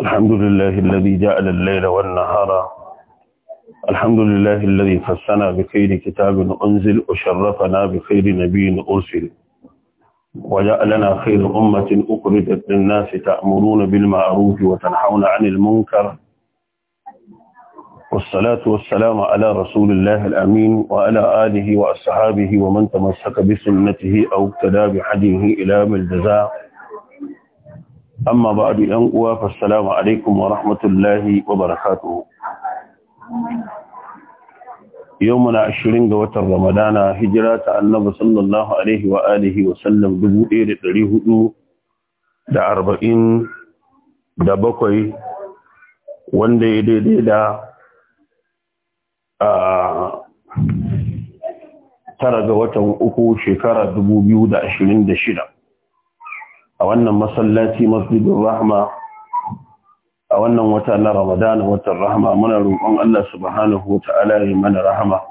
الحمد لله الذي جعل الليل والنهار الحمد لله الذي فسنا بخير كتاب أنزل وشرفنا بخير نبي أرسل وجعلنا خير أمة أقردت للناس تأمرون بالمعروف وتنحون عن المنكر والصلاة والسلام على رسول الله الأمين وعلى آله وأصحابه ومن تمسك بسنته أو ابتدى بحديه إلى الجزاء amma ba a yan uwa fassalamu alaikum wa rahmatullahi wa barakatuhu yau muna ashirin ga watan ramadana hijira ta annaba, sallallahu alaihi wa alihi wa sallam dubu ɗaya da hudu da arba'in da bakwai wanda ya daidai da tara ga watan uku shekara dubu biyu da ashirin da shida a wannan masallaci masjidin rahma a wannan wata na ramadana watan rahma muna roƙon Allah subhanahu wa ta'ala ya mana rahama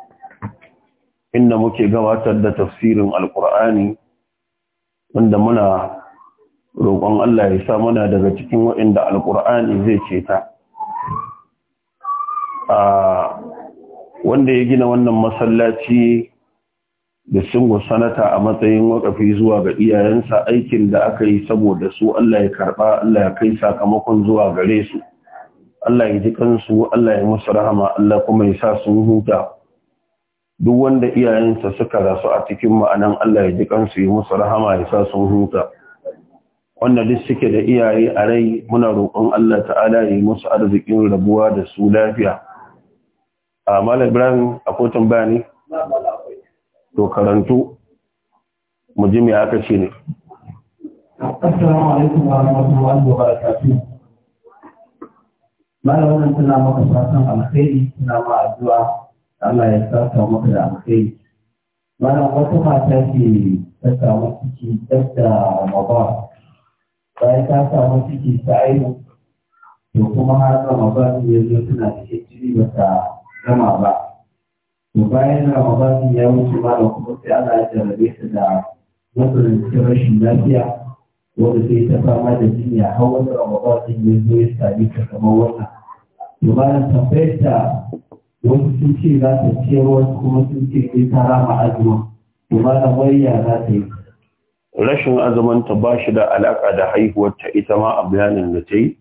inda muke gabatar da tafsirin alqur'ani wanda muna roƙon Allah ya sa muna daga cikin waɗanda alkur'ani zai ceta a wanda ya gina wannan masallaci da sun sanata a matsayin wakafi zuwa ga iyayensa aikin da aka yi saboda su Allah ya karba Allah ya kai sakamakon zuwa gare su Allah ya ji kansu Allah ya musu rahama Allah kuma ya sa su huta duk wanda iyayensa suka rasu a cikin ma'anan Allah ya ji kansu ya musu rahama ya sa su huta wanda duk suke da iyaye a rai muna roƙon Allah ta'ala ya musu arzikin rabuwa da su lafiya. A Malam Ibrahim a kotun ne? to karantu mu ji me aka ce ne assalamu alaikum wa rahmatullahi wa barakatuh malamin tana maka fatan alkhairi tana ma addu'a Allah ya saka maka da alkhairi malam wata mata ce ta samu ciki dab da maba bayan ta samu ciki ta aihu to kuma har da maba ya zo tana da hijiri ba ta gama ba to bayan ramadani ya wuce ma da kuma sai ana ya jarabe su da matsalancin rashin lafiya wanda sai ta fama da jinya har wani ramadan ya zo ya sami ta kamar Wata. to bayan tambayar ta wasu sun ce za ta ciyar wasu kuma sun ce sai ta rama azumin to malam wayya za ta yi rashin ta ba shi da alaƙa da haihuwar ta ita ma a bayanin da ta yi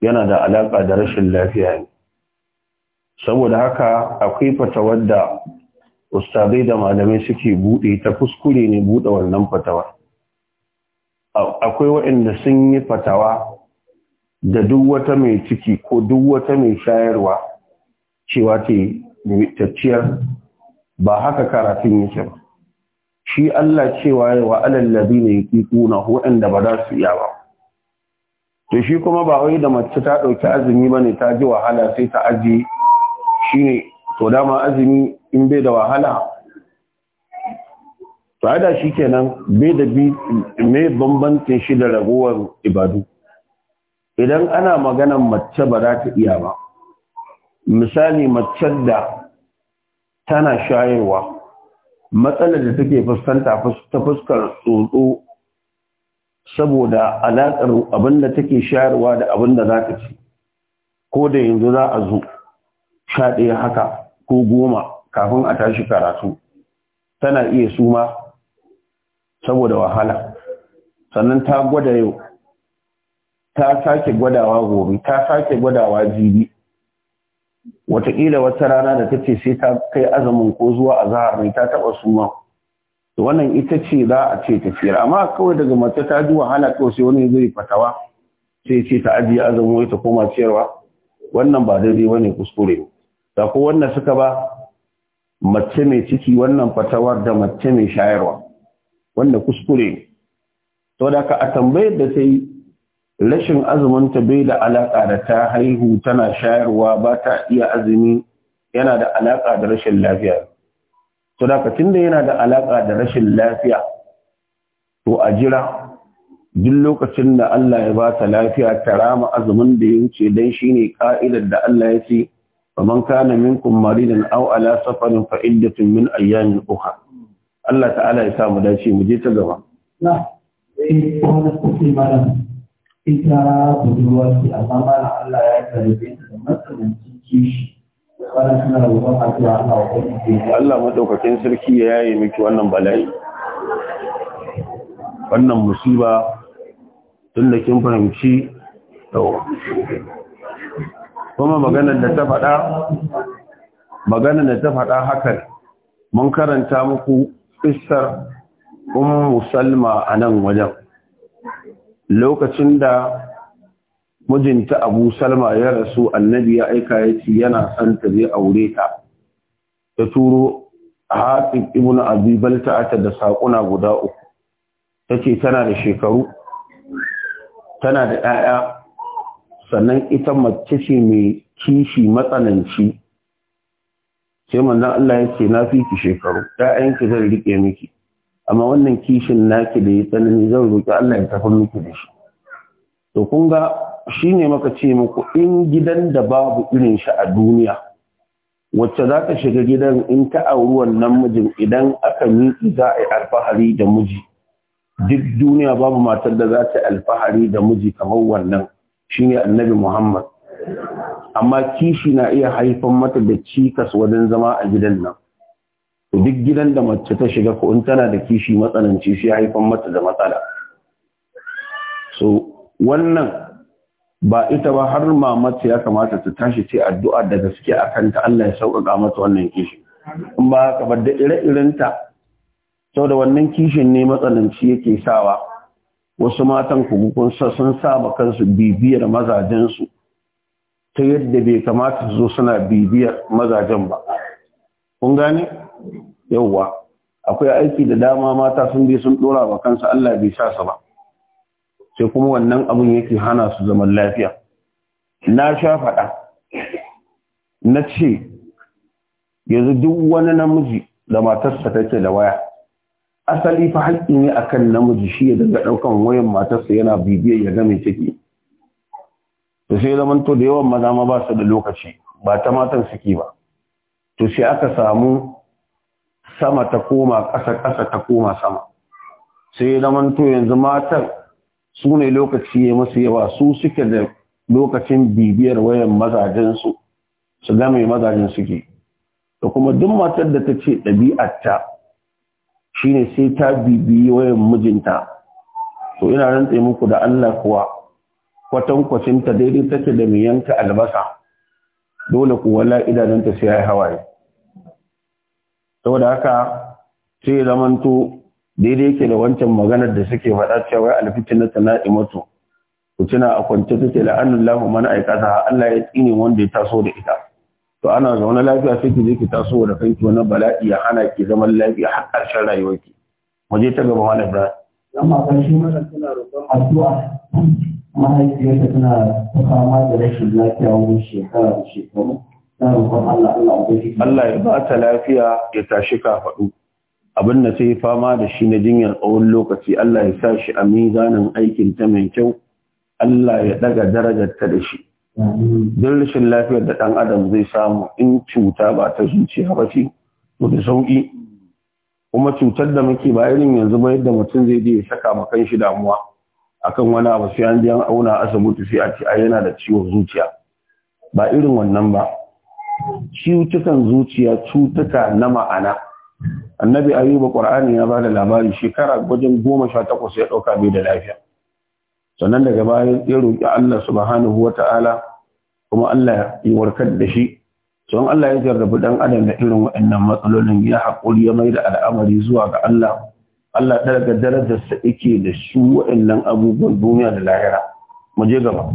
yana da alaƙa da rashin lafiya ne saboda haka akwai fatawar da ustazai da malamai suke buɗe ta kuskure ne buɗe wannan fatawa akwai waɗanda sun yi fatawa da duk wata mai ciki ko duk wata mai shayarwa cewa ta ciyar ba haka karatun yake ba shi Allah cewa wa alallabi ne yake na waɗanda ba za su iya ba to shi kuma ba wai da mace ta ɗauki azumi ba ne ta ji wahala sai ta ajiye. shine to dama azumi in bai da wahala to shi shikenan bai da bi mai bambancin shi da ragowar ibadu idan ana maganan mace ba za ta iya ba misali mace da tana shayarwa matsalar da take fuskanta ta fuskar tsotso saboda alaƙar abin da take shayarwa da abin da za ta ci ko da yanzu za a zo sha ɗaya haka ko goma kafin a tashi karatu tana iya suma saboda wahala sannan ta gwada yau ta sake gwadawa gobe ta sake gwadawa jibi watakila wata rana da ta ce sai ta kai azumin ko zuwa a zahar mai ta taɓa suma wannan ita ce za a ce tafiyar amma kawai daga mace ta ji wahala kawai sai wani zai fatawa sai ce ta ajiye azumin ta koma ciyarwa wannan ba daidai wani kuskure Da ko wannan suka ba mace mai ciki wannan fatawar da mace mai shayarwa wanda kuskure to da ka a tambayar da ta rashin azumin ta bai da alaƙa da ta haihu tana shayarwa ba ta iya azumi yana da alaƙa da rashin lafiya to da ka tunda yana da alaƙa da rashin lafiya to a jira duk lokacin da Allah ya ba ta lafiya ta rama azumin da ya wuce don shi ne ƙa'idar da Allah ya ce, faman كان منكم مريضا او ala safarin فعده من min ayyamin الله Allah ta'ala ya sa mu dace mu je Allah ya maɗaukakin sarki ya yaye miki wannan bala'i wannan musiba tun da kin fahimci kuma maganar da ta faɗa maganar da ta faɗa haka mun karanta muku isar ummu salma a nan wajen lokacin da mijinta abu salma ya rasu annabi ya aika ya ce yana son ta zai aure ta ta turo hatsin ibn abi ta'ata da saƙuna guda uku ta ce tana da shekaru tana da 'ya'ya sannan ita mace ce mai kishi matsananci sai manzon Allah ya ce na fi ki shekaru ɗayanki zan rike miki amma wannan kishin naki da ya tsanani zan roƙi Allah ya tafi miki da shi to kun ga shine maka ce muku in gidan da babu irin shi a duniya wacce za ka shiga gidan in ta auri wannan mijin idan aka miƙi za a yi alfahari da miji duk duniya babu matar da za ta alfahari da miji kamar wannan ne annabi Muhammad amma kishi na iya haifan mata da cikas wajen zama a gidan nan duk gidan da mace ta shiga ko tana da kishi matsananci shi haifan mata da matsala so wannan ba ita ba har mamata ya kamata ta tashi ce addu'a da gaske a kanta, Allah ya sauƙaƙa mata wannan kishi in ba ka bada ire-irenta sau da wannan kishin ne matsananci yake sawa wasu matan kun sun saba kansu bibiyar mazajensu ta yadda bai kamata su zo suna bibiyar mazajen ba kun gane yauwa akwai aiki da dama mata sun bi sun dora ba kansu Allah bai sa su ba sai kuma wannan abun yake hana su zaman lafiya na sha faɗa na ce yanzu duk wani namiji da matarsa take da waya asali fa haƙƙi ne kan namiji shi ya daga ɗaukan wayan matarsa yana bibiyar ya ga mai ciki to sai zaman to da yawan maza ma ba su da lokaci ba ta matan suke ba to sai aka samu sama ta koma ƙasa ƙasa ta koma sama sai zaman to yanzu matan su ne lokaci ya musu yawa su suke da lokacin bibiyar wayan mazajensu su ga mai mazajen suke da kuma duk matar da ta ce ɗabi'arta shine sai ta bibiyi wayan mijinta to ina rantse muku da Allah kuwa kwatan kwacinta daidai take da mai yanka albasa dole ku wala ta sai yayi hawaye saboda haka sai zamanto daidai yake da wancan maganar da suke faɗa cewa alfitin na imatu ku tuna a kwance take la'anullahu man aikata Allah ya tsine wanda ya taso da ita to ana zaune lafiya sai ki je ki taso da kanki wani bala'i ya hana ki zaman lafiya har ƙarshen rayuwarki waje ta gaba wani bra amma ƙarshe mata tana roƙon addu'a mahaifiyarta tana ta fama da rashin lafiya wurin shekara da shekaru ta roƙon Allah Allah ya ubangiji Allah ya ba ta lafiya ya tashi kafaɗu abin da ta yi fama da shi na jinyar tsawon lokaci Allah ya sa shi a mizanin aikin ta mai kyau Allah ya daga darajar ta da shi don rashin lafiyar da ɗan adam zai samu in cuta ba ta zuciya ba ce to da sauƙi kuma cutar da muke ba irin yanzu ba yadda mutum zai je ya saka ma shi damuwa akan wani abu sai an je an auna asibiti sai a ce a yana da ciwon zuciya ba irin wannan ba Cutukan zuciya cutuka na ma'ana annabi ayuba qur'ani ya ba da labari shekara gwajin goma sha takwas ya ɗauka bai da lafiya sannan daga baya ya roƙi Allah subhanahu wata'ala kuma Allah ya warkar da shi don Allah ya jarrabi dan adam da irin waɗannan matsalolin ya haƙuri ya mai da al'amari zuwa ga Allah Allah daga darajarsa yake da shi waɗannan abubuwan duniya da lahira mu je gaba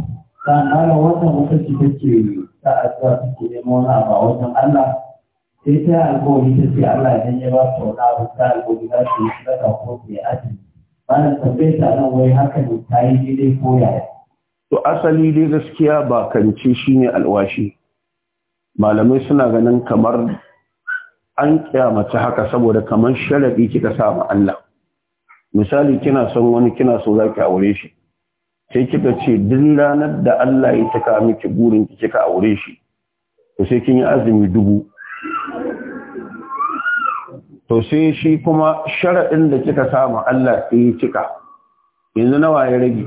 sannan wata wata ce take ta asa ke nemo na ba wajen Allah sai ta alƙawari ta ce Allah idan ya ba ta wani abu ta alƙawari za ta yi sadaka ko ta yi azumi ta nan wai haka ne ta yi daidai ko yaya. To asali dai gaskiya ba kance shi ne alwashi. Malamai suna ganin kamar an ƙyamaci haka saboda kamar sharaɗi kika sa ma Allah. Misali kina son wani kina so za ki aure shi. Sai kika ce duk ranar da Allah ya taka miki burin ki kika aure shi. To sai kin yi azumi dubu. to sai shi kuma sharaɗin da kika samu Allah sai ya cika yanzu nawa ya rage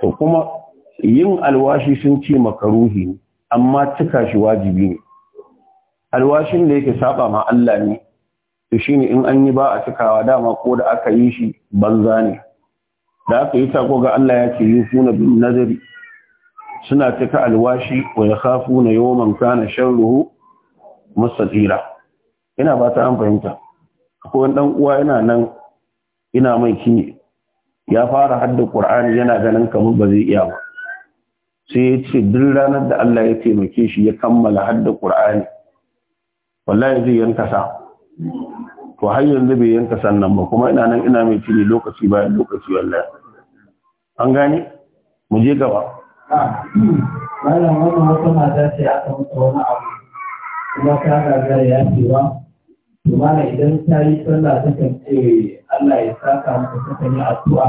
to kuma yin alwashi sun ce makaruhi ne amma cika shi wajibi ne alwashin da yake saba ma Allah ne to shine in an yi ba a cikawa dama ko da aka yi shi banza ne da aka yi sako ga Allah ya ce yufuna bin nazari suna cika alwashi wa yakhafuna yawman kana sharruhu mustatira ina ba ta an fahimta akwai wani dan uwa yana nan ina mai ki ya fara hadda qur'ani yana ganin kamar ba zai iya ba sai ya ce duk ranar da Allah ya taimake shi ya kammala hadda qur'ani wallahi zai yanka sa to har yanzu bai yanka sannan ba kuma ina nan ina mai tuni lokaci bayan lokaci wallahi an gane mu je gaba malam wannan wata mata ce a kan wani abu kuma ta gagara ya ce wa to mana idan ta yi sallah ta kan ce Allah ya saka maka ta kan yi addu'a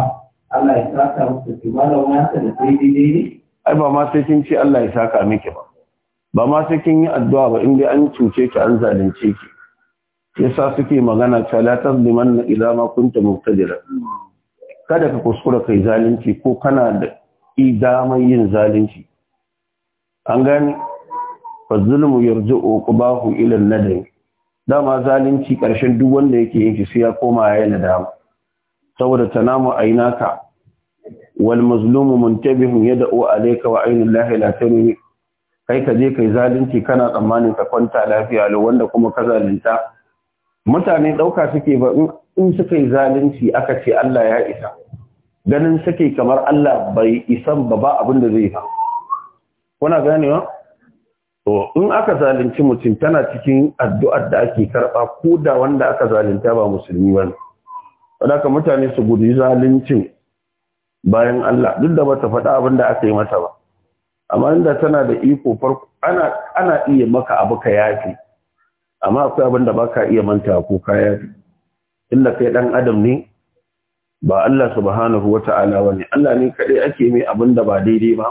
Allah ya saka maka to mana wata da sai dai ne ai ba ma sai kin ce Allah ya saka miki ba ba ma sai kin yi addu'a ba in dai an cuce ki an zalunce ki yasa suke magana ta la tazliman idza ma kunta muqtadira kada ka kuskura kai zalunci ko kana da idamar yin zalunci an gani fa zulmu yarji'u qabahu ila nadami dama zalunci ƙarshen duk wanda yake yin shi sai ya koma ya nadama saboda tanamu ainaka wal mazlumu muntabihun yad'u alayka wa aynul lahi la tanmi kai ka je kai zalunci kana tsammanin ka kwanta lafiya lo wanda kuma ka zalunta mutane ɗauka suke ba in suka yi zalunci aka ce Allah ya isa ganin suke kamar Allah bai isan ba ba abin da zai yi kuna ganewa to in aka zalunci mutum tana cikin addu'ar da ake karɓa ko da wanda aka zalunta ba musulmi ba ne ka mutane su guji zaluncin bayan Allah duk da bata faɗa abin da aka yi mata ba amma inda tana da iko farko ana iya maka abu ka yafi amma akwai abin da baka iya manta ko ka yafi inda kai ɗan adam ne ba Allah subhanahu wata'ala ne. Allah ne kaɗai ake mai abin da ba daidai ba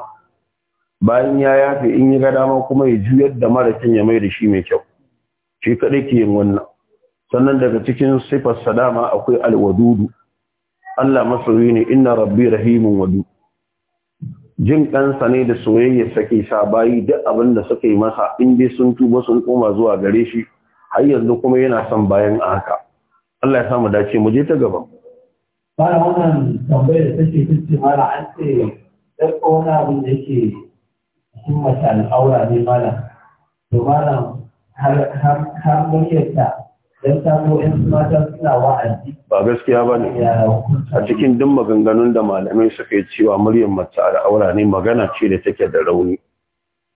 bayan ya yafe in yi gadama dama kuma ya juyar da mara ya mai da shi mai kyau shi kaɗai ke yin wannan sannan daga cikin sifar sadama akwai alwadudu Allah masoyi ne inna rabbi rahimun wadu jin ƙansa ne da soyayya sake sa bayi duk abin da suka yi masa in dai sun tuba sun koma zuwa gare shi har yanzu kuma yana son bayan a haka Allah ya sa mu dace mu je ta gaba ba wannan tambayar da take cikin mara an ce ɗan ƙona abin da yake in mace al'aura ne mana to mana har muryarta don samu yan mata suna wa'azi ba gaskiya ba ne a cikin duk maganganun da malamai suka yi cewa muryar mace al'aura ne magana ce da take da rauni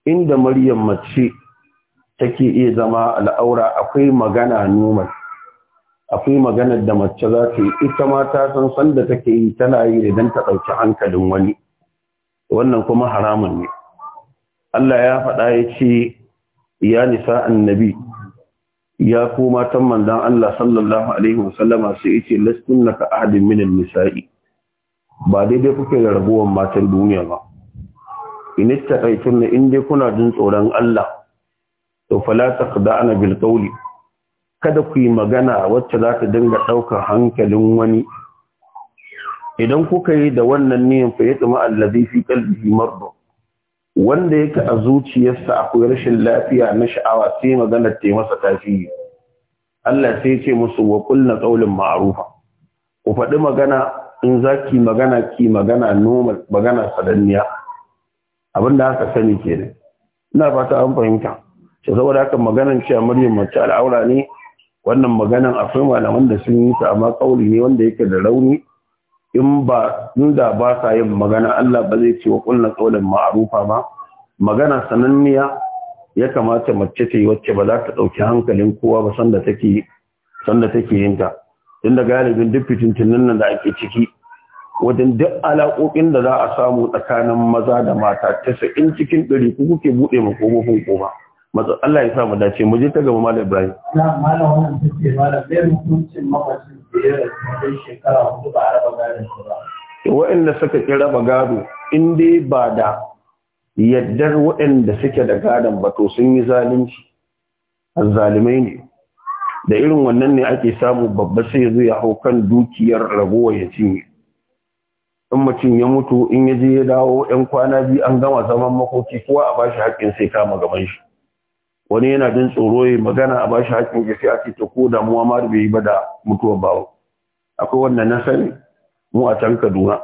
inda muryar mace take iya zama al'aura akwai magana numan akwai maganar da mace za ta yi ita ma ta san sanda take yi tana yi idan ta ɗauki hankalin wani wannan kuma haramun ne Allah ya faɗa ya ce ya nisa annabi ya ku matan manzon Allah sallallahu alaihi wasallama sai yace lastunnaka ahadin minin nisa'i ba daidai kuke da rabuwar matan duniya ba in ittaqaytunna in dai kuna jin tsoron Allah to fala da ana qawli kada ku yi magana wacce za ta dinga ɗaukar hankalin wani idan kuka yi da wannan niyan fa ya tsima allazi fi qalbihi mardu wanda yake a zuciyarsa akwai rashin lafiya na sha'awa sai magana ta yi masa tafi Allah sai ce musu wa kulna qaulin ma'rufa ku faɗi magana in zaki magana ki magana normal magana sadanniya abinda aka sani ke ne. ina fata an fahimta sai saboda haka maganar cewa Maryam mace al'aura ne wannan maganan akwai malaman da sun yi ta amma kauli ne wanda yake da rauni in ba inda ba sa yin magana Allah ba zai ce wa kullu qawlan ma'rufa ba magana sananniya ya kamata mace ta yi wacce ba za ta dauki hankalin kowa ba sanda take sanda take yin ta tunda galibin duk fitintunan nan da ake ciki wajen duk alaƙoƙin da za a samu tsakanin maza da mata in cikin ɗari ku kuke buɗe ma kofofin ba matsa Allah ya sa mu dace mu je ta gaba malam Ibrahim na malam wannan take malam bai hukuncin mafacin waɗanda suka ƙi raba gado in dai ba da yaddar waɗanda suke da gadon ba to sun yi zalunci zalimai ne da irin wannan ne ake samu babba sai zai ya hau kan dukiyar ragowa ya cinye in mutum ya mutu in ya je ya dawo 'yan kwana biyu an gama zaman makoki kowa a bashi haƙƙin sai kama gaban shi wani yana jin tsoro ya magana a bashi hakkin ya sai a ta ko damuwa ma bai yi ba da mutuwar bawo akwai wannan na sani mu a can kaduna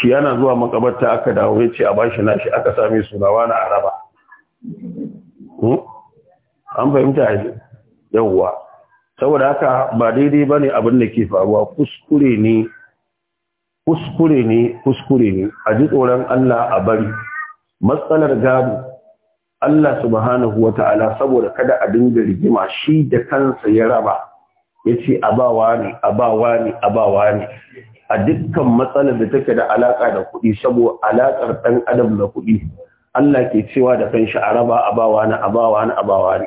shi yana zuwa makabarta aka dawo ya ce a bashi na shi aka same su na wani araba hmm? an fahimta ne yawwa saboda haka ba daidai ba ne abin da ke faruwa kuskure ne kuskure ne kuskure ne a ji tsoron allah a bari matsalar gado Allah subhanahu wa ta'ala saboda kada a dinga rigima shi da kansa ya raba ya ce abawa ne abawa ne abawa ne a dukkan matsalar da take da alaƙa da kuɗi saboda alaƙar ɗan adam da kuɗi Allah ke cewa da kanshi a raba abawa na abawa ne, abawa ne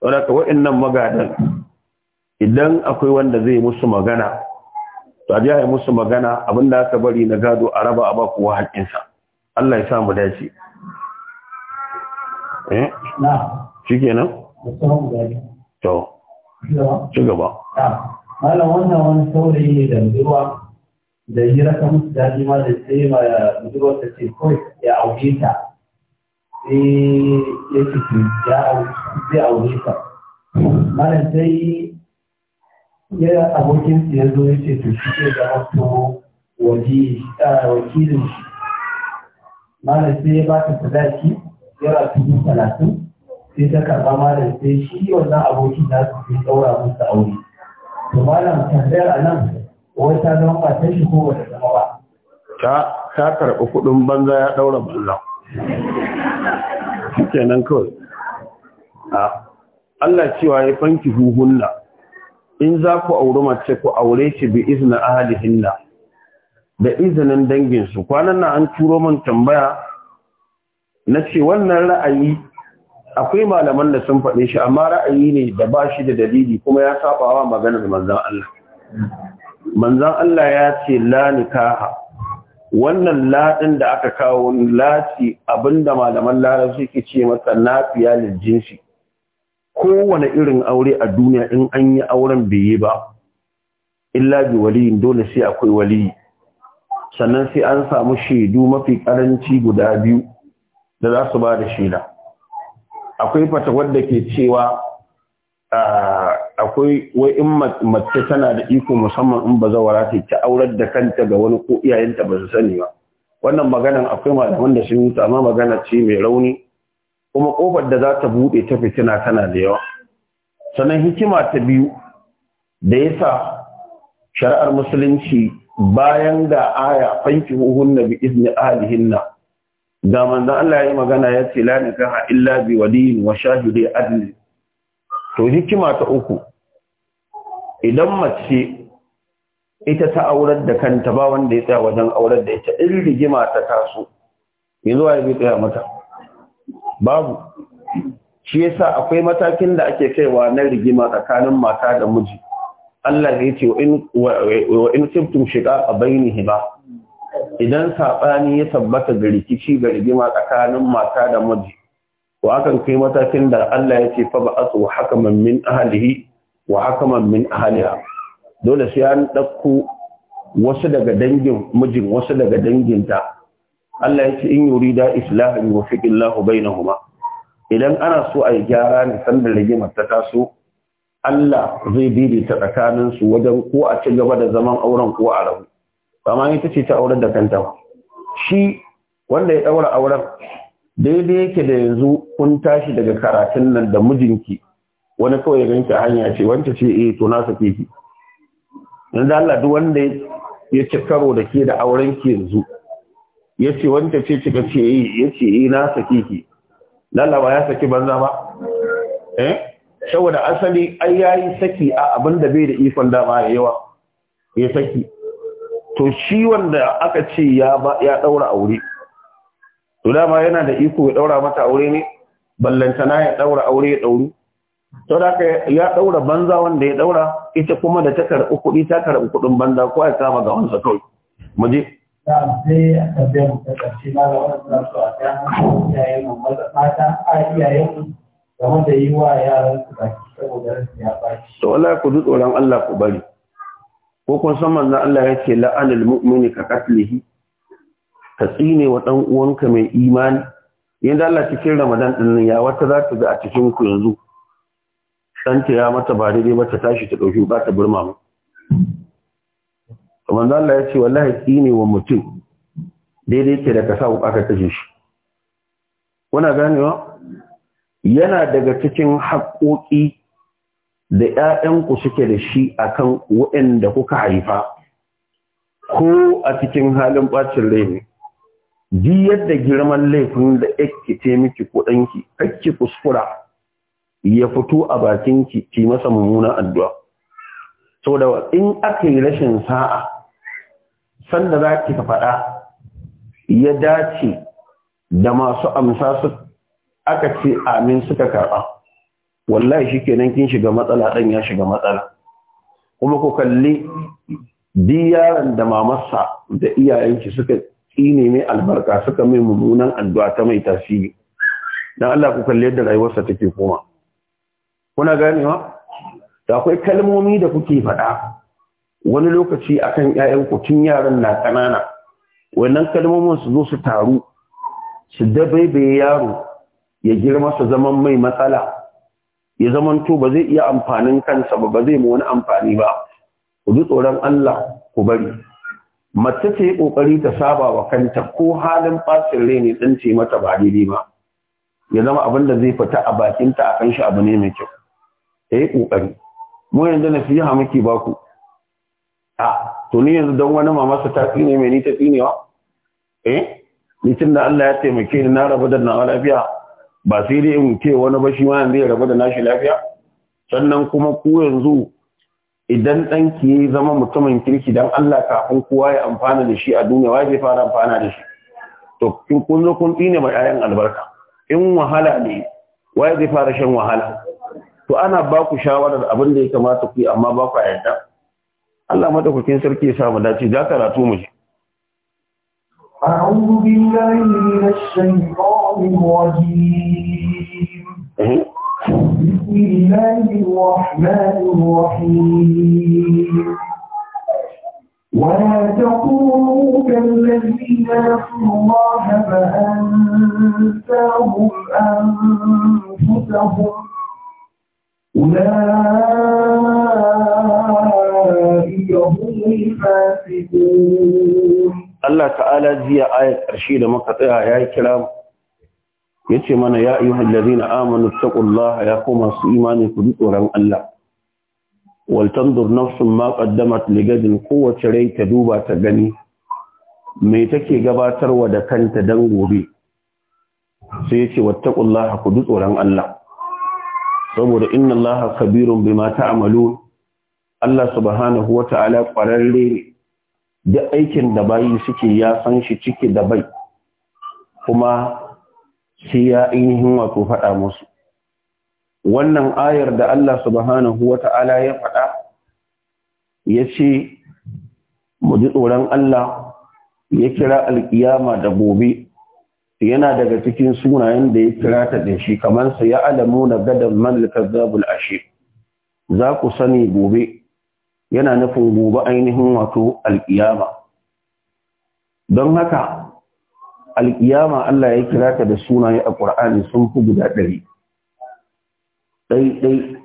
saboda ka nan magadan idan akwai wanda zai musu magana to a musu magana abin da aka bari na gado a raba a ba kuwa haƙƙinsa Allah ya sa mu dace eh shi kenan to ci gaba malam wannan wani saurayi ne da ruwa da hira ta musu daji ma da sai ma ruwa ta ce kawai ya aure ta sai ya ce ya aure ta malam sai ya abokin ya zo ya ce to shi ke da wato wakilin shi malam sai ya ba ta sadaki yana dubu talatin sai ta karɓa malam sai shi wannan abokin na su sai ɗaura musu aure to malam tambayar a nan wai ta zama ta shi ko bata zama ba ta karɓi kuɗin banza ya ɗaura banza kenan kawai Allah cewa ya fanki huhunna in za ku auri mace ku aure shi bi izinin ahalihinna da izinin danginsu kwanan na an turo min tambaya na ce wannan ra'ayi akwai malaman da sun faɗe shi amma ra'ayi ne da ba shi da dalili kuma ya sabawa maganar manzan Allah manzan Allah ya ce la nikaha wannan laɗin da aka kawo lati abinda malaman larar suke ce masa nafiya da jinsi kowane irin aure a duniya in an yi auren bai yi ba illa bi waliyin dole sai akwai waliyi sannan sai an samu shaidu mafi karanci guda biyu da za su ba da shida akwai fata wadda ke cewa akwai wai in mace tana da iko musamman in ba zawara ta ta aurar da kanta ga wani ko iyayenta ba su sani ba wannan maganan akwai malaman da sun wuce amma magana ce mai rauni kuma kofar da za ta buɗe ta fitina tana da yawa sannan hikima ta biyu da ya sa shari'ar musulunci bayan da aya fanki huhun na bi izni ahlihinna ga manzon Allah ya yi magana ya ce la nikaha illa bi waliyin wa shahidi adl to hikima ta uku idan mace ita ta aurar da kanta ba wanda ya tsaya wajen aurar da ita in rigima ta taso yanzu ya bi tsaya mata babu shi yasa akwai matakin da ake kaiwa na rigima tsakanin mata da miji Allah ya ce wa in kuntum shiqa bainihima idan saɓani ya tabbata ga rikici ga rigima tsakanin mata da miji wa akan kai matakin da Allah ya ce fa ba asu hakaman min ahlihi wa hakaman min ahliha dole sai an dauko wasu daga dangin mijin wasu daga danginta Allah ya ce in yurida islahan na bainahuma idan ana so a yi gyara ne sanda rigima ta taso Allah zai tsakanin tsakaninsu wajen ko a ci gaba da zaman auren ko a rabu amma ita ce ta auren da kanta ba shi wanda ya daura auren daidai yake da yanzu kun tashi daga karatun nan da mijinki wani kawai ganki a hanya ce wanda ce eh to na sake ki yanzu Allah duk wanda ya ci karo da ke da auren ki yanzu ya ce wance ce ci ce eh ya ce eh na sake ki lallaba ya saki banza ba eh saboda asali ai yayi saki a abin da bai da ikon dama yawa ya saki to shi wanda aka ce ya ba ya daura aure to dama yana da iko ya daura mata aure ne ballanta na ya daura aure ya dauru to da ya daura banza wanda ya daura ita kuma da ta karɓi kuɗi ta karɓi kuɗin banza ko ai kama ga wansa kawai mu je sai a tabbatar da ƙarshe na ga wannan su a kan iyayen mu mata a iyayen mu game da yi wa yaran su baki saboda rasu ya baki to Allah ku ji tsoron Allah ku bari ko kun san manzon Allah ya ce mu'mini ka katlihi ka tsine wa dan uwanka mai imani yanda Allah cikin Ramadan din ya wata za ta ga a cikin ku yanzu ta ya mata ba dai-dai ba ta tashi ta dauki ba ta burma mu manzon Allah yace wallahi tsine wa mutum daidai ke da ka sa aka ka shi kuna ganewa yana daga cikin haƙoƙi da ‘ya'yanku suke da shi a kan waɗanda kuka haifa, ko a cikin halin ɓacin rai ne, di yadda girman laifin da ake ce miki kuɗanki, ake kuskura ya fito a bakinki ki masa mummunan addu'a. Sau da in aka yi rashin sa'a, sanda za ki faɗa ya dace da masu amsa su aka ce amin suka karɓa. wallahi shikenan kin shiga matsala dan ya shiga matsala kuma ku kalli diyaran da mamarsa da iyayenki suka tsine mai albarka suka mai mummunan addu'a ta mai tasiri dan Allah ku kalli yadda rayuwarsa take koma kuna ganewa da akwai kalmomi da kuke faɗa wani lokaci akan ƴaƴanku tun yaran na ƙanana wannan kalmomin su zo su taru su dabaibaye yaro ya girma su zaman mai matsala ya zamanto ba zai iya amfanin kansa ba ba zai mu wani amfani ba ku ji tsoron Allah ku bari mace ce kokari ta saba wa kanta ko halin fasin rai ne din ce mata ba daidai ba ya zama abin da zai fita a bakin ta akan shi abu ne mai kyau eh kokari mu yanzu na fiha muke ba ku a to ni yanzu dan wani mama sa ta tsine mai ni ta tsinewa eh ni tunda Allah ya taimake ni na rabu da na lafiya ba sai dai in ce wani ba shi ma zai rabu da nashi lafiya sannan kuma ku yanzu idan ɗanki ya zama mutumin kirki dan Allah kafin kowa ya amfana da shi a duniya wai zai fara amfana da shi to kin kun zo kun tsine ma 'ya'yan albarka in wahala ne wai zai fara shan wahala to ana ba ku shawarar abin da ya kamata ku yi amma ba ku yarda Allah madaukakin sarki ya sa mu dace da karatu mu ji أعوذ بالله من الشيطان بسم الله الرحمن الرحيم ولا تقولوا كالذين نسوا الله فأنساهم أنفسهم أولئك هم الفاسقون الله تعالى jiya آية ƙarshe da muka كلام yace mana ya ayyuhal ladina amanu taqullaha ya kuma su imani ku tsoron Allah wal tandur nafsun ma qaddamat ligadin kowace rai ta duba ta gani me take gabatarwa da kanta dan gobe sai yace wattaqullaha ku tsoron Allah saboda inna Allah kabirun bima ta'malun Allah subhanahu wata'ala kwararre ne aikin da bayi suke ya san shi ciki da bai kuma sai ya ainihin wato faɗa musu wannan ayar da Allah subhanahu ta'ala ya faɗa ya ce mu ji tsoron Allah ya kira alƙiyama da gobe yana daga cikin sunayen da ya kira ta da shi kamar sa ya alamu na gadan malikar zabul ashe za ku sani gobe yana nufin gobe ainihin wato alkiyama don haka alƙiyama Allah ya kira ta da sunaye a ƙur'ani sun fi guda ɗari ɗai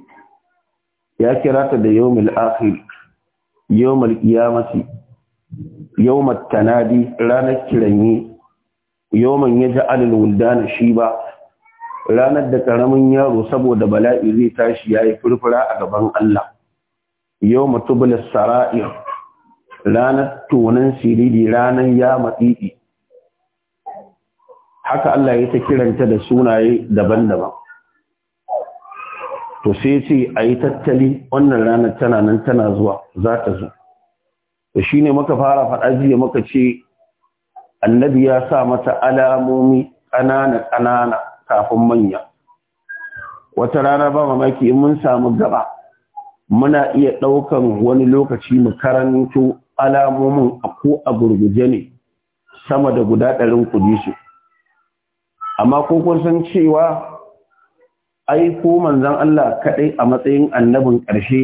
ya kira ta da yawmul akhir yawmul qiyamati yawmat tanadi ranar kiranyi yawman yaj'alul wuldana shiba ranar da karamin yaro saboda bala'i zai tashi yayi furfura a gaban Allah yawma tubla sara'ir ranar tonan siriri ranar ya matsidi haka Allah ya ta kiranta da sunaye daban-daban to sai ce a yi tattali wannan ranar tana nan tana zuwa za ta zo da shi ne muka fara faɗa jiya muka ce annabi ya sa mata alamomi ƙanana-ƙanana kafin manya wata rana ba mamaki in mun samu gaba muna iya ɗaukan wani lokaci mu karanto alamomin a ko a gurguje ne sama da guda ɗarin kudi su amma ko kun san cewa ai ko manzon Allah kadai a matsayin annabin ƙarshe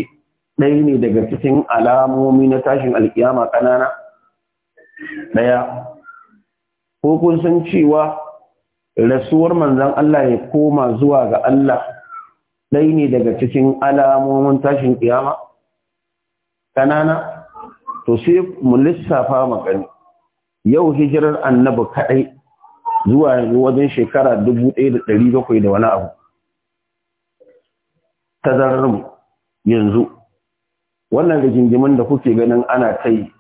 ɗaya ne daga cikin alamomi na tashin alkiyama ƙanana ɗaya ko kun san cewa rasuwar manzon Allah ya koma zuwa ga Allah ɗaya ne daga cikin alamomin tashin kiyama ƙanana to sai mu lissafa magani yau hijirar annabi kadai zuwa yanzu wajen shekara dubu ɗaya da ɗari da wani abu mu. yanzu wannan rigingimin da kuke ganin ana ta yi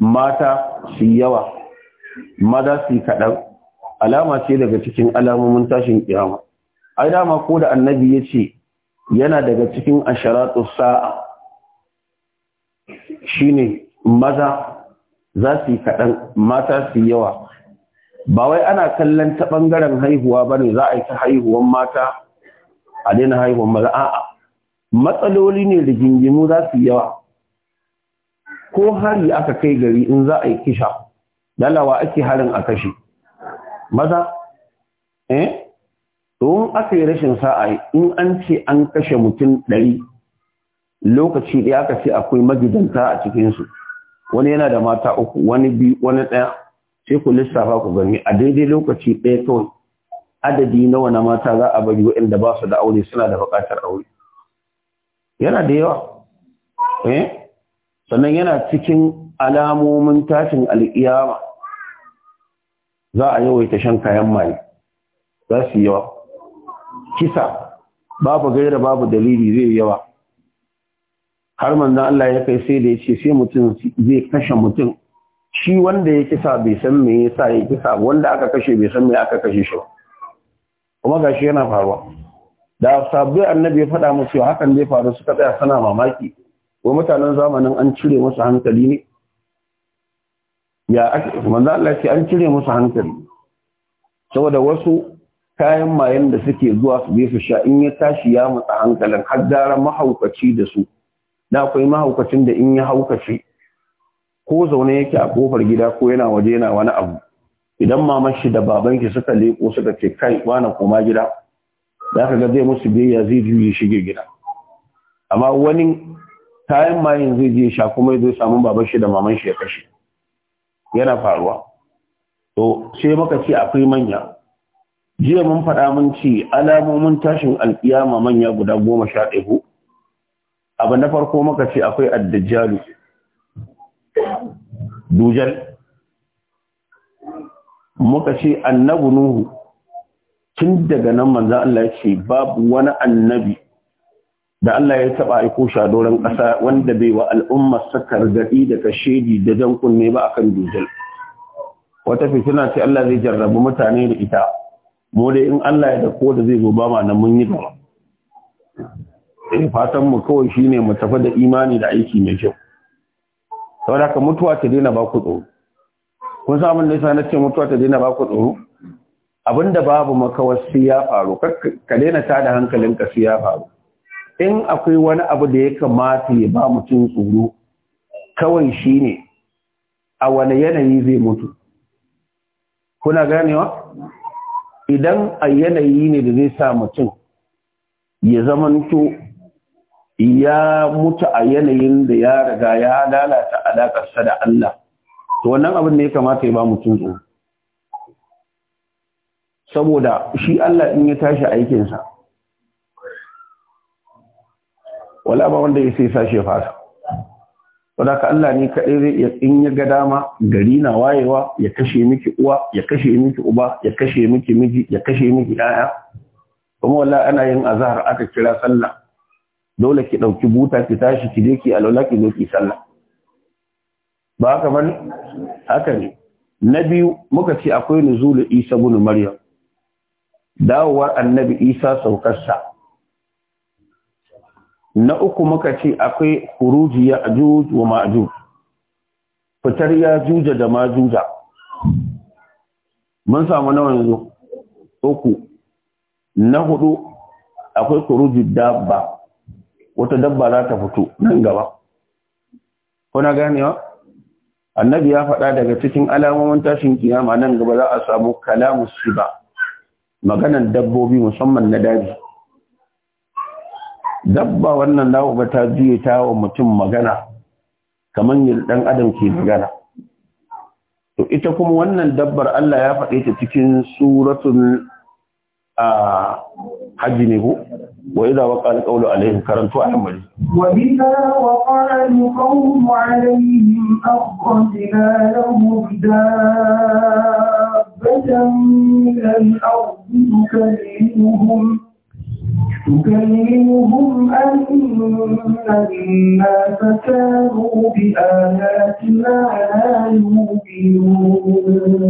mata su yawa maza su yi kaɗan alama ce daga cikin alamomin tashin kiyama ai dama ko da annabi ya ce yana daga cikin asharatu sa'a shine maza za su yi kaɗan mata su yawa ba wai ana kallon ta ɓangaren haihuwa ba ne za a yi ta haihuwan mata a daina haihuwan maza a'a matsaloli ne da gingimu za su yawa ko hari aka kai gari in za a yi kisha dalawa ake harin a kashe maza eh don aka yi rashin sa'a in an ce an kashe mutum ɗari lokaci ɗaya aka ce akwai magidanta a cikinsu wani yana da mata uku wani biyu wani ɗaya sai ku lissafa ku gani a daidai lokaci ɗaya kawai adadi nawa na mata za a bari waɗanda ba su da aure suna da buƙatar aure yana da yawa eh sannan yana cikin alamomin tashin alƙiyama za a yawaita shan kayan maye za su yawa kisa babu gaira babu dalili zai yawa har manzan Allah ya kai sai da ya ce sai mutum zai kashe mutum shi wanda ya kisa bai san me yasa ya kisa wanda aka kashe bai san me aka kashe shi kuma gashi yana faruwa da sabbi annabi ya faɗa musu hakan zai faru suka tsaya suna mamaki ko mutanen zamanin an cire musu hankali ne ya manzo Allah ce an cire musu hankali saboda wasu kayan mayen da suke zuwa su bi su sha in ya tashi ya mutsa hankalin har gara mahaukaci da su Na akwai mahaukacin da in ya haukace ko zaune yake a kofar gida ko yana waje yana wani abu idan maman shi da baban shi suka leko suka ce kai wani koma gida za ka ga zai musu biyayya zai ya shige gida amma wani kayan mayin zai je sha kuma zai samu baban shi da maman shi ya kashe yana faruwa to sai maka ce akwai manya jiya mun faɗa mun ce alamomin tashin alƙiyama manya guda goma sha ɗaya abu na farko maka ce akwai addajjalu dujal muka ce annabu nuhu tun daga nan manzan Allah ya ce babu wani annabi da Allah ya taɓa aiko shadoran doron ƙasa wanda bai wa al'umma sakar gargaɗi da kashedi da jan kunne ba akan dujal wata fitina ce Allah zai jarrabu mutane da ita mu dai in Allah ya dako da zai zo ba ma nan mun yi gaba eh fatan mu kawai shine mu tafi da imani da aiki mai kyau saboda ka mutuwa ta daina ba ku tsoro kun sa abin da na ce mutuwa ta daina ba ku tsoro abinda babu makawasi ya faru ka daina ta da hankalin ka ya faru in akwai wani abu da ya kamata ya ba mutum tsoro kawai shine a wani yanayi zai mutu kuna ganewa idan a yanayi ne da zai sa mutum ya zamanto ya mutu a yanayin da ya riga ya lalata alaƙarsa da Allah to wannan abin ne ya kamata ya ba mutum tsoro saboda shi Allah in ya tashi aikinsa wala ba wanda ya sai sashe fasa wadda ka Allah ne kaɗai zai iya in ya ga dama gari na wayewa ya kashe miki uwa ya kashe miki uba ya kashe miki miji ya kashe miki 'ya'ya. kuma wala ana yin azahar aka kira sallah dole ki ɗauki buta ki tashi ki je ki alola ki zo ki sallah ba haka bane haka ne na biyu muka ce akwai nuzulu isa bin maryam dawowar annabi isa saukarsa na uku muka ce akwai huruji ya ajuj wa ma'ajuj fitar ya juja da majuja mun samu nawa yanzu uku na hudu akwai kuruji dabba wata dabba za ta fito nan gaba kuna ganewa annabi ya faɗa daga cikin alamomin tashin kiyama nan gaba za a samu kalamu shiba maganan dabbobi musamman na daji dabba wannan dawo ta juye ta wa mutum magana kamar yin dan adam ke magana to ita kuma wannan dabbar Allah ya faɗe ta cikin suratul a hajji ne ko wa idza waqa alqawlu alaihim karantu a hamari wa idza waqa alqawlu alaihim akhrajna lahum dabbatan min al-ardi tukallimuhum تكلمهم أن الناس كانوا بآياتنا لا Allah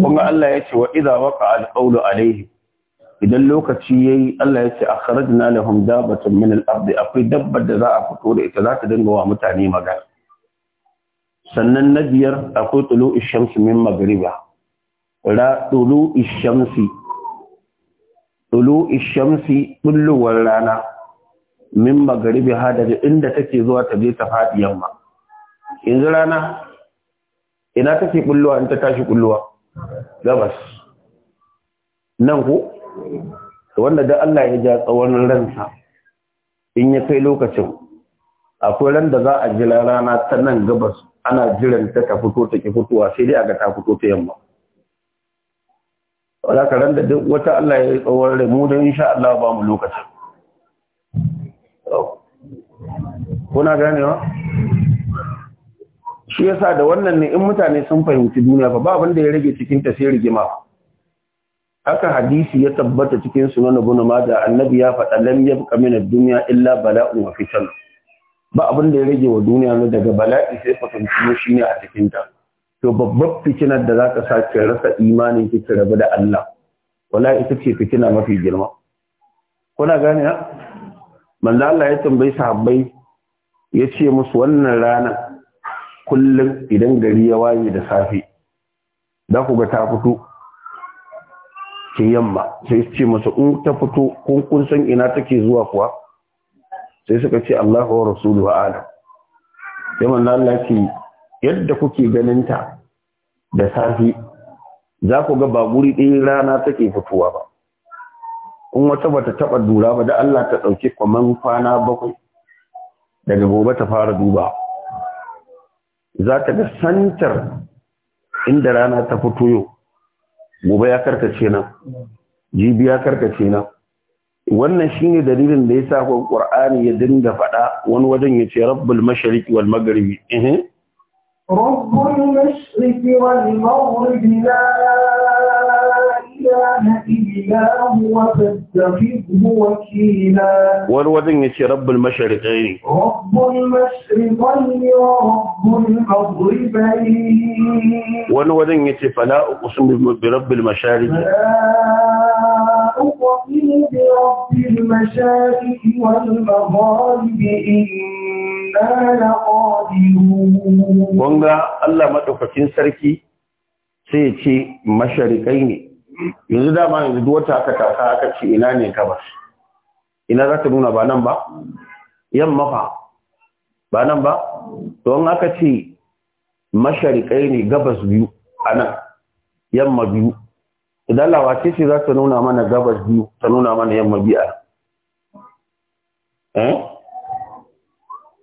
وما الله يشوى wa وقع القول عليهم idan lokaci yayi Allah ya ce akhrajna lahum dabatan min al-ard akwai dabbar da za a fito da ita za ta dinga wa mutane magana sannan na biyar akwai tulu ishamsi min magriba ra tulu ishamsi tulu ishamsi bullowar rana min magribi ha daga inda take zuwa ta je ta fadi yamma yanzu rana ina take bullowa in ta tashi bullowa gabas nan ko wanda da Allah ya ja tsawon ransa in ya kai lokacin akwai ran da za a jira rana ta nan gabas ana jiran ta ta fito ta ki fitowa sai dai aka ta fito ta yamma wala ka ran da duk wata Allah ya tsawon rai mu da insha Allah ba mu lokaci kuna wa? shi yasa da wannan ne in mutane sun fahimci duniya ba ba abin da ya rage cikin ta sai rigima haka hadisi ya tabbata cikin sunan ma da annabi ya faɗa lam yabqa min ad-dunya illa bala'un wa fitan ba abin da ya rage wa duniya ne daga bala'i sai shi shine a cikin ta to babbar fitinar da zaka sake rasa imanin ki ki rabu da Allah wala ita ce fitina mafi girma kuna gane ha manzo Allah ya tambayi sahabbai ya ce musu wannan rana kullum idan gari ya waye da safe za ku ga ta fito sai yamma sai su ce masa in ta fito kun kun san ina take zuwa kuwa sai suka ce Allahu wa rasuluhu ala sai manzo Allah ce yadda kuke ganin ta da safi za ku ga ba din rana take fitowa ba in wata bata taba dura ba da Allah ta dauke kaman kwana bakwai daga gobe ta fara duba za ta ga santar inda rana ta fito yau gobe ya karkace nan jibi ya karkace nan wannan shine dalilin da yasa ko Qur'ani ya dinga fada wani wajen yace Rabbul Mashriq wal Maghrib eh Rabbul Mashriq wal Maghrib la ilaha إله وتتخذه وكيلا والوزن يشي رب المشرقين رب المشرقين ورب المغربين والوزن يشي فلا أقسم برب المشارق فلا أقسم برب المشارق والمغارب إنا لقادرون وانغا الله مدفكين سركي sai ce masharikai ne yanzu dama yanzu duk wata aka taka aka ce ina ne ka ba? ina za ta nuna ba nan ba yamma fa ba nan ba don aka ce masharikai ne gabas biyu a nan yamma biyu idan lawace ce za ta nuna mana gabas biyu ta nuna mana yamma biyu a eh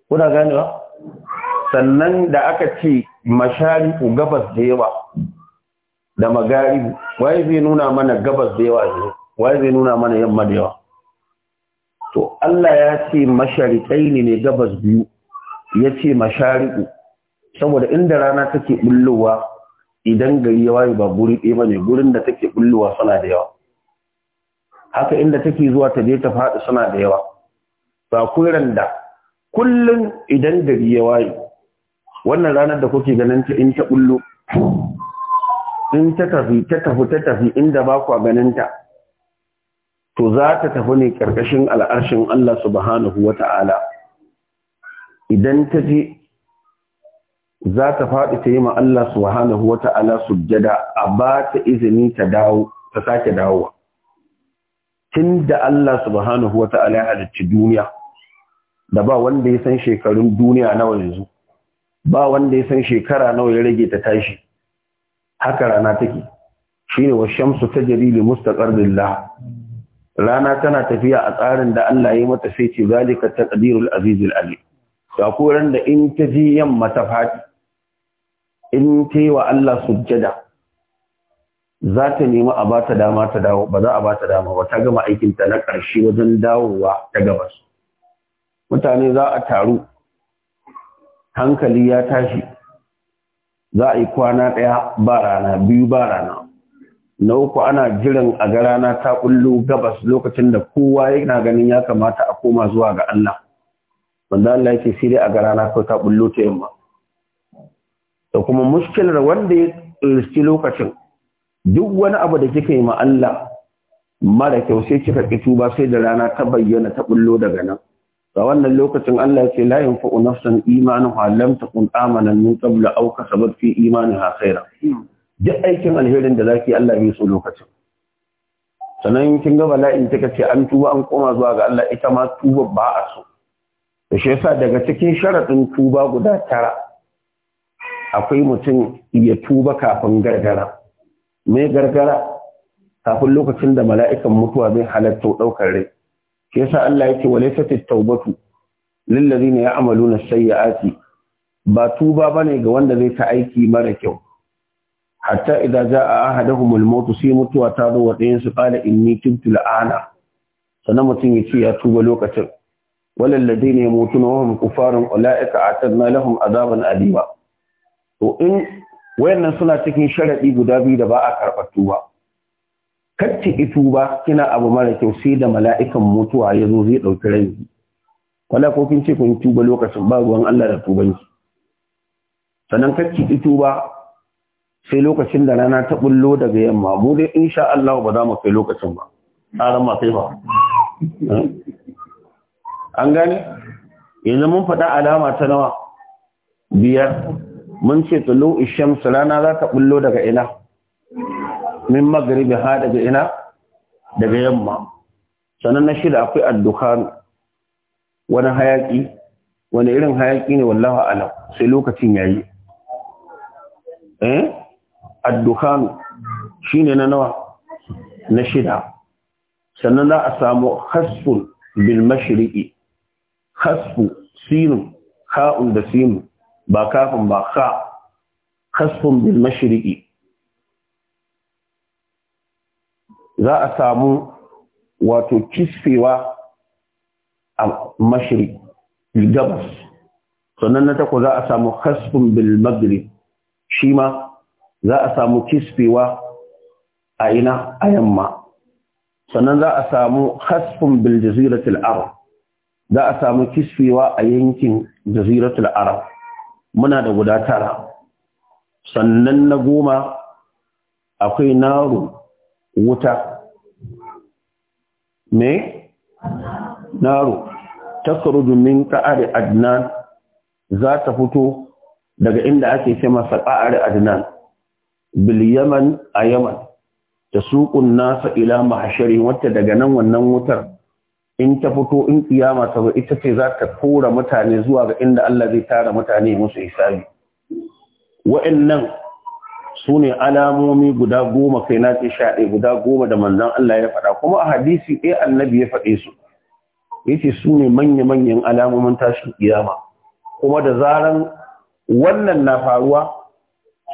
kuna gane ba? sannan da aka ce mashariku gabas da yawa da magaribu waye zai nuna mana gabas da yawa ne waye zai nuna mana yamma da yawa to Allah ya ce masharikai ne ne gabas biyu ya ce saboda inda rana take bullowa idan gari ya waye ba guri ɗaya bane gurin da take bullowa suna da yawa haka inda take zuwa ta je ta fadi suna da yawa ba kuran da kullum idan gari ya waye wannan ranar da kuke ganin ta in ta bullo in ta tafi ta tafi ta tafi inda ba ku ganinta to za ta tafi ne ƙarƙashin al'arshin Allah subhanahu wa ta'ala idan ta je za ta faɗi ta yi ma Allah subhanahu wa ta'ala sujjada a ba ta izini ta dawo ta sake dawowa tun da Allah subhanahu wa ta'ala ya halicci duniya da ba wanda ya san shekarun duniya nawa yanzu ba wanda ya san shekara nawa ya rage ta tashi haka rana take ne wa shamsu ta li mustaqarrillah rana tana tafiya a tsarin da Allah ya mata sai ce zalika ta ƙadirul azizul ali ga da in ta ji yamma ta fadi in ta yi wa Allah sujjada za ta nemi a bata dama ta dawo ba za a bata dama ba ta gama aikin ta na ƙarshe wajen dawowa ta gabas mutane za a taru hankali ya tashi za a yi kwana ɗaya ba rana biyu ba rana na uku ana jiran a ga rana ta ƙullu gabas lokacin da kowa yana ganin ya kamata a koma zuwa ga Allah wanda Allah yake sai dai a ga rana ko ta ƙullu ta yamma da kuma muskilar wanda ya tsirci lokacin duk wani abu da kika yi ma Allah mara kyau sai kika ki tuba sai da rana ta bayyana ta ƙullu daga nan ga wannan lokacin Allah ya ce la fa'u nafsan ha lam kun amanan min qabla aw kasabat fi ha khaira duk aikin alherin da zaki Allah bai so lokacin sannan kin ga bala'in take ce an tuba an koma zuwa ga Allah ita ma tuba ba a so da shi yasa daga cikin sharadin tuba guda tara akwai mutum ya tuba kafin gargara mai gargara kafin lokacin da mala'ikan mutuwa zai halatta ɗaukar rai shi yasa Allah yake walaysat at-taubatu lil ladina ya'maluna as-sayyi'ati ba tuba bane ga wanda zai ta aiki mara kyau hatta idza jaa ahaduhum al-maut sai mutuwa ta zo wa ɗayan su qala inni tubtu al-ana sanan mutum yace ya tuba lokacin walal ladina yamutuna wa hum kufarun ulaika atadna lahum adaban alima to in wayannan suna cikin sharadi guda biyu da ba a karɓar tuba kacce itu ba kina abu mara kyau sai da mala'ikan mutuwa ya zo zai ɗauki rai wala ko kin ce kun tuba lokacin ba ruwan Allah da tubanki sannan kacce itu ba sai lokacin da rana ta bullo daga yamma mu dai insha Allah ba za mu kai lokacin ba tsaron ma sai ba an gane yanzu mun faɗa alama ta nawa biyar mun ce tulu ishams rana za ta bullo daga ina min magaribi ha daga ina daga yamma sannan na shida akwai addukanu wani hayaki wani irin hayaki ne wallawa alam sai lokacin yayi eh addukanu shine na nawa na shida sannan za a samu hasfun bil mashriqi hasfu sinun ha'un da sinun ba kafin ba ha hasfun bil mashriqi za a samu wato kisfewa a mashiri gabas sannan na tako za a samu hasbun bil maghrib shi ma za a samu kisfewa a ina a yamma sannan za a samu hasbun bil jaziratul arab za a samu kisfewa a yankin jaziratul arab muna da guda tara sannan na goma akwai naro wuta me naru tasarudu min ta'ari adnan za ta fito daga inda ake ce masa qa'ari adnan bil yaman a yaman tasuqun nasa ila mahshari wata daga nan wannan wutar in ta fito in kiyama ta zo ita ce za ta kora mutane zuwa ga inda Allah zai tara mutane musu hisabi wa'annan su ne alamomi guda goma kai na ce sha guda goma da manzan Allah ya faɗa kuma a hadisi ɗaya annabi ya faɗe su ya ce su ne manya-manyan alamomin tashin kiyama kuma da zaran wannan na faruwa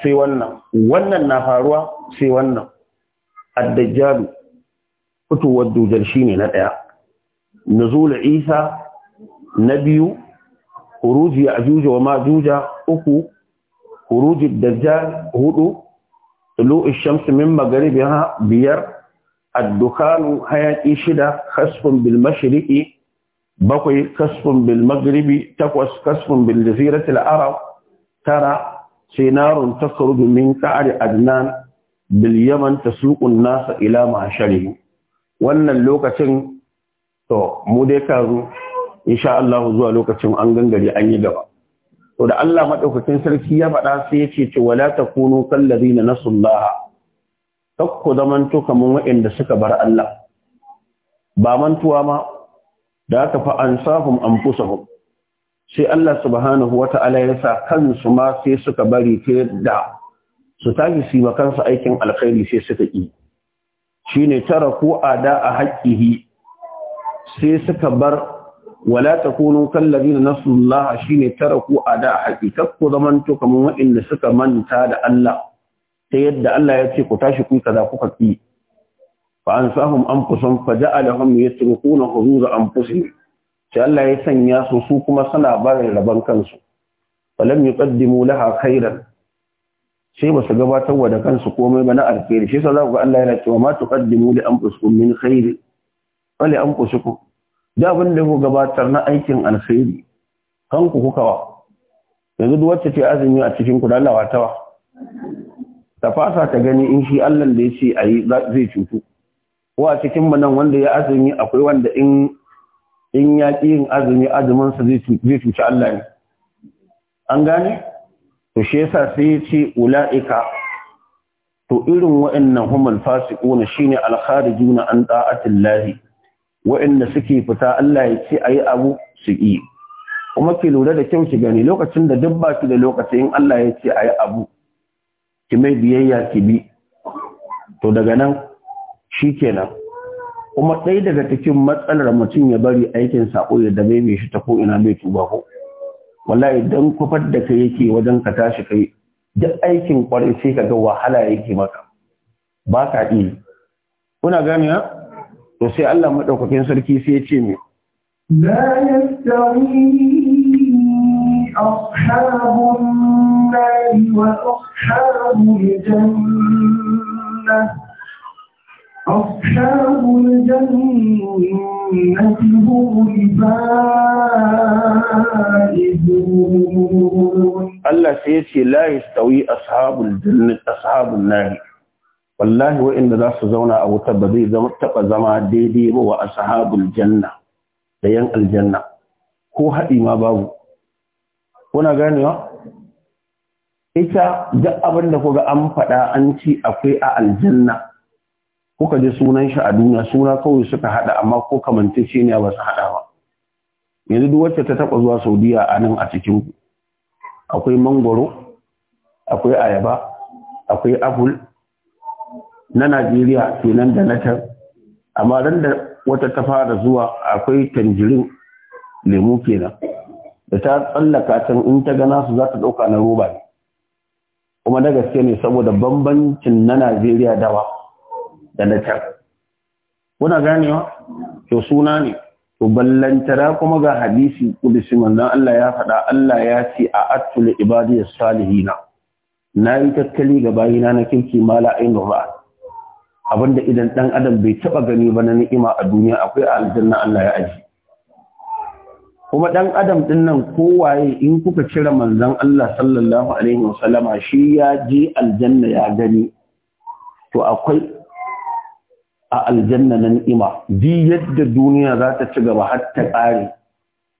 sai wannan wannan na faruwa sai wannan addajjalu fitowar dujar shi ne na ɗaya nazula isa na biyu huruji a juja wa ma juja uku khurujud dajjal hudu طلوع الشمس من مغربها بير الدخان هياكي شدة خسف بالمشرق بقي كسف بالمغرب تقوس كسف بالجزيرة العرب ترى سينار تخرج من كعر أدنان باليمن تسوق الناس إلى معشره وأن اللوكة تو موديكا إن شاء الله زوا لوكة أنغنغري أن يدوى to da Allah madaukakin sarki ya faɗa sai ya ce ce wala takunu kallazina nasullaha takku zamanto kaman waɗanda suka bar Allah ba mantuwa ma da aka fa ansahum anfusahum sai Allah subhanahu wata'ala ya sa kansu ma sai suka bari ta yadda su tafi su ba kansu aikin alkhairi sai suka yi shine taraku ada a haƙƙihi sai suka bar wala takunu kallazina nasullaha shine taraku ada zaman zamantu kaman waɗanda suka manta da Allah ta yadda Allah ya ce ku tashi ku kaza kuka ki fa ya anfusum faja'alahum yatrukuna huzur anfusihim sai Allah ya sanya su su kuma suna barin raban kansu falam yuqaddimu laha khairan sai ba su gabatar wa da kansu komai ba na alkhairi shi yasa za ku ga Allah yana cewa ma tuqaddimu li anfusikum min khairi wa li anfusikum da abin da ku gabatar na aikin alkhairi kanku kuka wa yanzu duk wacce ce azumi a cikin ku dalawa ta ta fasa ta gani in shi Allah da ya ayi zai cutu ko a cikin mu nan wanda ya azumi akwai wanda in in ya ki yin azumi azumin sa zai zai cuci Allah ne an gane to shi yasa sai ya ce ulaika to irin wa'annan humul fasiquna shine al-kharijuna an ta'atillahi Wa'inda suke fita Allah ya ce a yi abu su yi kuma ki lura da kyau ki gani lokacin da duk ba su da lokaci in Allah ya ce a yi abu ki mai biyayya ki bi to daga nan shi kenan kuma ɗaya daga cikin matsalar mutum ya bari aikin sako ya dabe mai shi ta ko ina bai tuba ko wallahi dan kufar da kai yake wajen ka tashi kai duk aikin kwarai sai ka ga wahala yake maka ba ka iya kuna gane ha to sai Allah madaukakin sarki sai ya ce me la yastawi ashabun nari wa ashabul janna ashabul jannati hum faizun Allah sai ya ce la yastawi ashabul jannati ashabun nari wallahi wa'inda za su zauna a wutar ba zai taɓa zama daidai ba wa ashabul janna da yan aljanna ko haɗi ma babu kuna ganewa ita duk abin da kuga an faɗa an ci akwai a aljanna kuka ji sunan shi a duniya suna kawai suka haɗa amma ko shi ne ba su haɗa ba yanzu duk wacce ta taɓa zuwa saudiya a nan a cikin akwai mangoro akwai ayaba akwai apple na Najeriya kenan da na can amma ran da wata ta fara zuwa akwai tanjirin lemu kenan da ta tsallaka can in ta gana su za ta ɗauka na roba ne kuma na gaske ne saboda bambancin na Najeriya dawa da na can kuna ganewa to suna ne to ballantara kuma ga hadisi kudusi manzon Allah ya faɗa Allah ya ce a atul ibadiyar salihina na yi tattali ga bayina na kirki mala ainu ra'a abinda idan dan adam bai taba gani ba na ni'ima a duniya akwai a aljanna Allah ya aji kuma dan adam din nan kowaye in kuka cire manzon Allah sallallahu alaihi wasallama shi ya ji aljanna ya gani to akwai a aljanna na ni'ima di yadda duniya za ta ci gaba har ta kare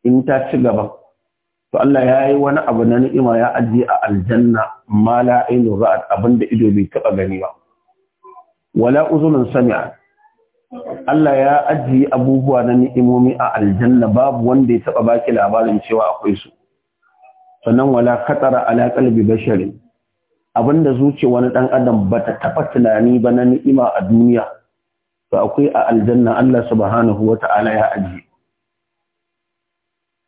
in ta ci gaba to Allah ya yi wani abu na ni'ima ya aji a aljanna ma ainu ra'at abinda ido bai taba gani ba wala uzunun sami'a Allah ya ajiye abubuwa na ni'imomi a aljanna babu wanda ya taba baki labarin cewa akwai su sannan wala katara ala qalbi basharin abinda zuciya wani dan adam bata taba tunani ba na ni'ima a duniya to akwai a aljanna Allah subhanahu wata'ala ya ajiye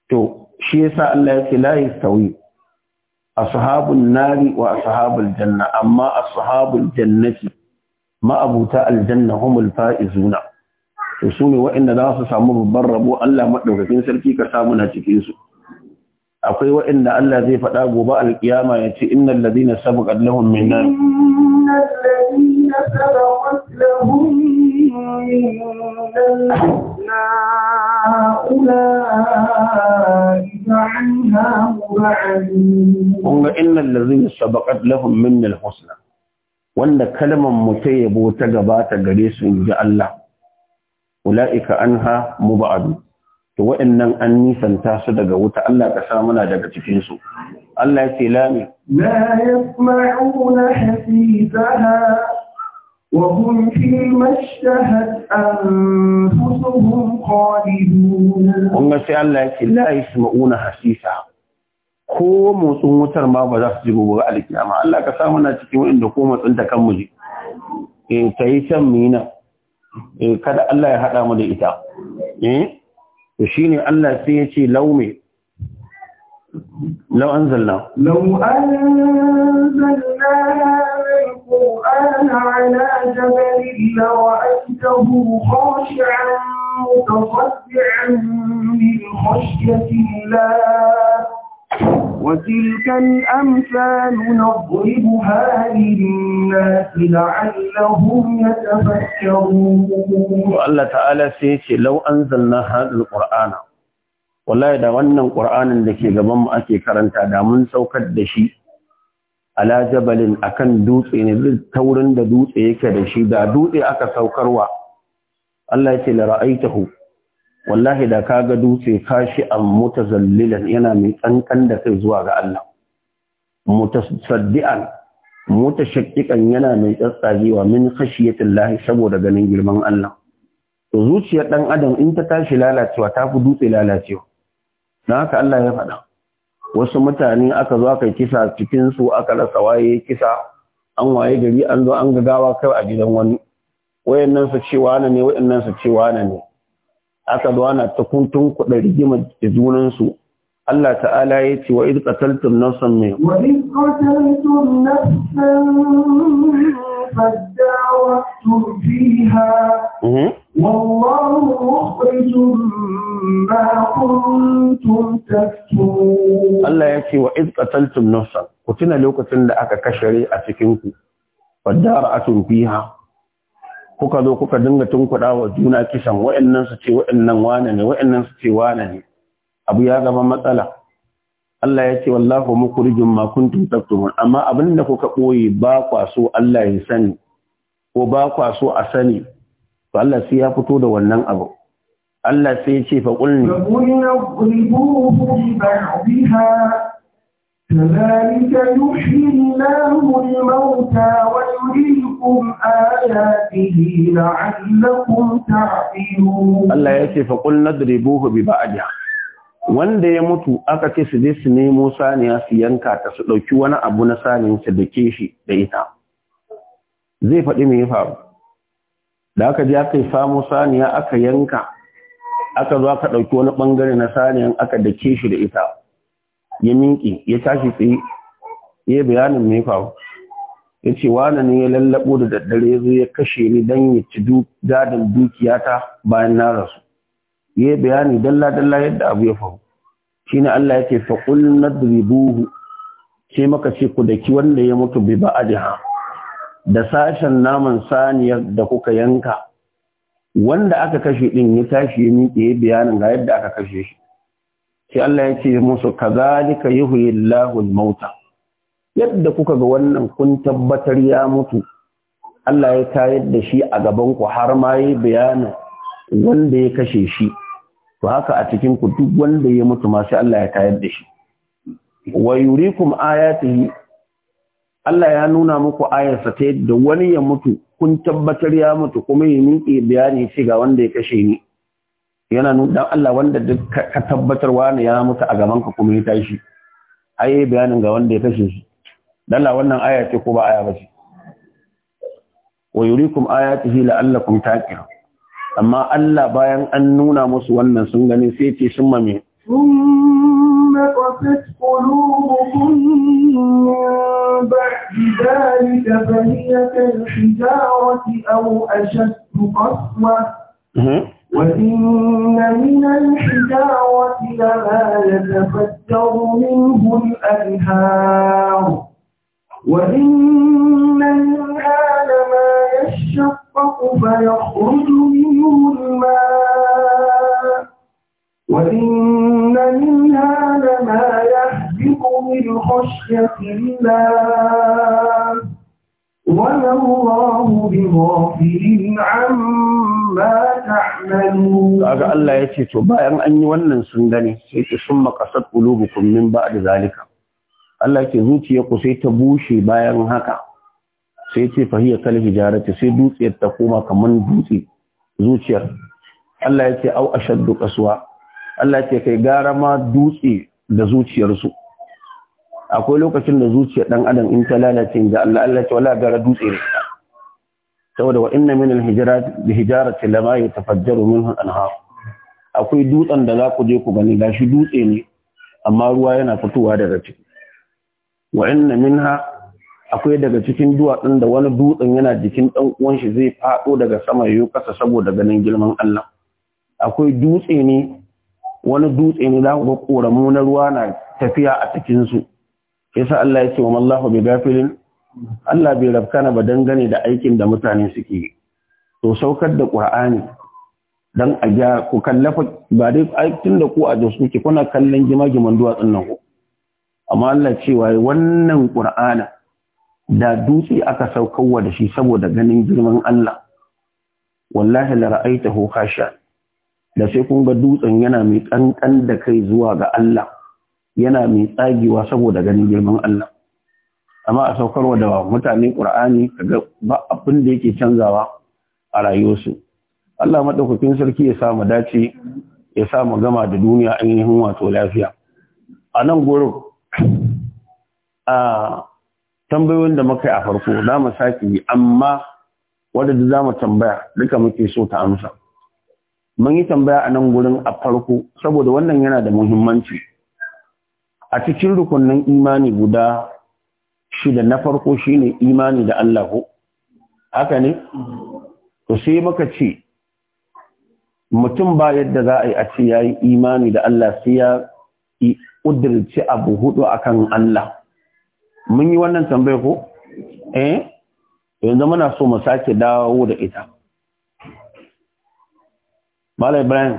to shi yasa Allah ya ce la yastawi ashabun nari wa ashabul janna amma ashabul jannati ma'abuta aljanna humul fa'izuna to su ne waɗanda za su samu babban rabo Allah madaukakin sarki ka samu na cikin su akwai waɗanda Allah zai faɗa gobe alkiyama ya ce innal ladina sabaqat lahum minna innal ladina sabaqat lahum minna ulaika anha mu'adun kun ga innal ladina sabaqat lahum minna alhusna wanda kalmar mu ta yabo ta gabata gare su in ji Allah ula'ika anha mubadu to wa'annan an nisanta su daga wuta Allah ka sa daga cikinsu Allah ya ce lami la yasma'una hasibaha وهم فيما اشتهت أنفسهم خالدون هم سأل لا يسمعون حسيسها ko motsin wutar ma ba za su ji gobe alkiyama Allah ka samu na cikin wanda ko motsin ta kan ji eh ta yi can mu na eh kada Allah ya hada mu da ita eh to shine Allah sai ya ce laume لو أنزلنا لو أنزلنا هذا القرآن على جبل لرأيته خاشعا متصدعا من خشية الله وتلك الأمثال نضربها للناس لعلهم يتفكرون الله تعالى سيتي لو أنزلنا هذا القرآن والله da wannan ƙur'anin da ke gabanmu ake karanta da mun saukar da shi ala a kan dutse ne taurin da dutse yake da shi da dutse aka saukarwa Allah ya ce la ra'aitahu wallahi da ka ga dutse kashi an mutazallilan yana mai tsankan da kai zuwa ga Allah mutasaddian mutashaqqiqan yana mai tsatsagewa min khashiyatillahi saboda ganin girman Allah to zuciyar dan adam in ta tashi lalacewa ta fi dutse lalacewa dan haka Allah ya faɗa wasu mutane aka zo aka kisa cikin su aka rasa waye kisa an waye gari an zo an gawa kai a gidan wani wayannan su cewa ne wayannan su cewa ne aka zo ana ta kuntun kuɗa rigimar da junansu Allah ta'ala ya ce wa iz qataltum nafsan min wa iz qataltum nafsan فادعوتم فيها والله مخرج ما كنتم تكتمون الله يكي وإذ قتلتم نفسا وتنا لوكتن لأكا كشري أتكنكو فادعوتم فيها kuka zo kuka dinga tunkuɗa wa juna kisan wa'annan su ce wa'annan wane ne wa'annan su ce wane ne abu ya zama matsala Allah ya ce wallahu mukhrijum ma kuntum taktumun amma abin da kuka boye ba kwa so Allah ya sani ko ba kwa so a sani to Allah sai ya fito da wannan abu Allah sai ya ce fa qulni كذلك يحيي الله الموتى ويريكم آياته لعلكم تعقلون الله يأتي فقل نضربوه ببعضها wanda ya mutu aka ce su je su nemo saniya su yanka ta su ɗauki wani abu na saniya su dake shi da ita zai faɗi me ya faru da aka je aka yi samo saniya aka yanka aka zo aka ɗauki wani ɓangare na saniyan aka dake shi da ita ya minki ya tashi tsaye ya bayanin me faru ya ce wani ne ya lallabo da daddare ya zo ya kashe ni don ya ci gadin dukiyata bayan na rasu ya bayani dalla-dalla yadda abu ya faru shi ne Allah ya ce faƙul na dribuhu ce maka ce ku daki wanda ya mutu bi ba a jiha da sashen naman saniyar da kuka yanka wanda aka kashe din ya tashi ya miƙe ya bayanin ga yadda aka kashe shi sai Allah ya ce musu kazalika yuhyi Allahu al-mauta yadda kuka ga wannan kun tabbatar ya mutu Allah ya tayar da shi a gaban ku har ma yi bayanin wanda ya kashe shi to haka a cikin ku duk wanda ya mutu ma sai Allah ya tayar da shi wa yurikum ayatihi Allah ya nuna muku ayarsa ta yadda wani ya mutu kun tabbatar ya mutu kuma ya miƙe bayani shi ga wanda ya kashe ni yana nuna Allah wanda duk ka tabbatarwa ne ya mutu a gaban ka kuma ya tashi ayi bayanin ga wanda ya kashe shi dalla wannan aya ce ko ba aya ba ce wa yurikum ayatihi la'allakum taqilun amma Allah bayan an nuna musu wannan sun gani sai ce sun mame ثم قفت قلوبكم من بعد ذلك فهي كالحجارة أو أشد قسوة وإن من الحجارة لما يتفجر منه الأنهار وإن منها لما يشقق فيخرج منه الماء وإن منها لما يهبط من خشية الله kaga Allah ya ce to bayan an yi wannan sun gane sai ki summa kummin ba min da zalika Allah ke zuciyarku sai ta bushe bayan haka sai ce fahiya kal hijarati sai dutsiyar ta koma kamar dutse zuciyar Allah ya ce au a shaddu qaswa Allah ya ce kai gara ma dutse da zuciyarsu akwai lokacin da zuciyar dan adam in ta lalace da Allah Allah ce wala gara dutse ne saboda wa inna min alhijrat hijarat lama yatafajjaru minhu akwai dutsen da za ku je ku gani gashi dutse ne amma ruwa yana fitowa daga ciki wa inna minha akwai daga cikin duwatsun da wani dutsen yana jikin dan uwan shi zai fado daga sama yayin kasa saboda ganin girman Allah akwai dutse ne wani dutse ne za ku ga koramu na ruwa na tafiya a cikin su yasa Allah ya ce wa mallahu bi gafilin Allah bai rabkana ba dangane da aikin da mutane suke yi to saukar da Qur'ani dan a ga ku kallafa ba dai aikin da ku a jos kuke kuna kallon gima-giman duwatsun nan ku amma Allah ce cewa wannan Qur'ana da dutse aka saukarwa da shi saboda ganin girman Allah wallahi la ra'aitahu da sai kun ga dutsen yana mai kankan da kai zuwa ga Allah yana mai tsagewa saboda ganin girman Allah amma a saukarwa da mutane Qur'ani kaga ba abin da yake canzawa a rayuwarsu Allah madaukakin sarki ya samu dace ya samu gama da duniya ainihin wato lafiya a nan gurin a tambayoyin da muka yi a farko za mu sake yi amma wadda za mu tambaya duka muke so ta amsa mun yi tambaya a nan gurin a farko saboda wannan yana da muhimmanci a cikin rukunin imani guda shida na farko shine imani da Allah ko haka ne to sai muka ce mutum ba yadda za a yi a ce yayi imani da Allah sai ya ƙudurci abu hudu akan Allah mun yi wannan tambayar ko eh yanzu muna so mu sake dawo da ita Malam Ibrahim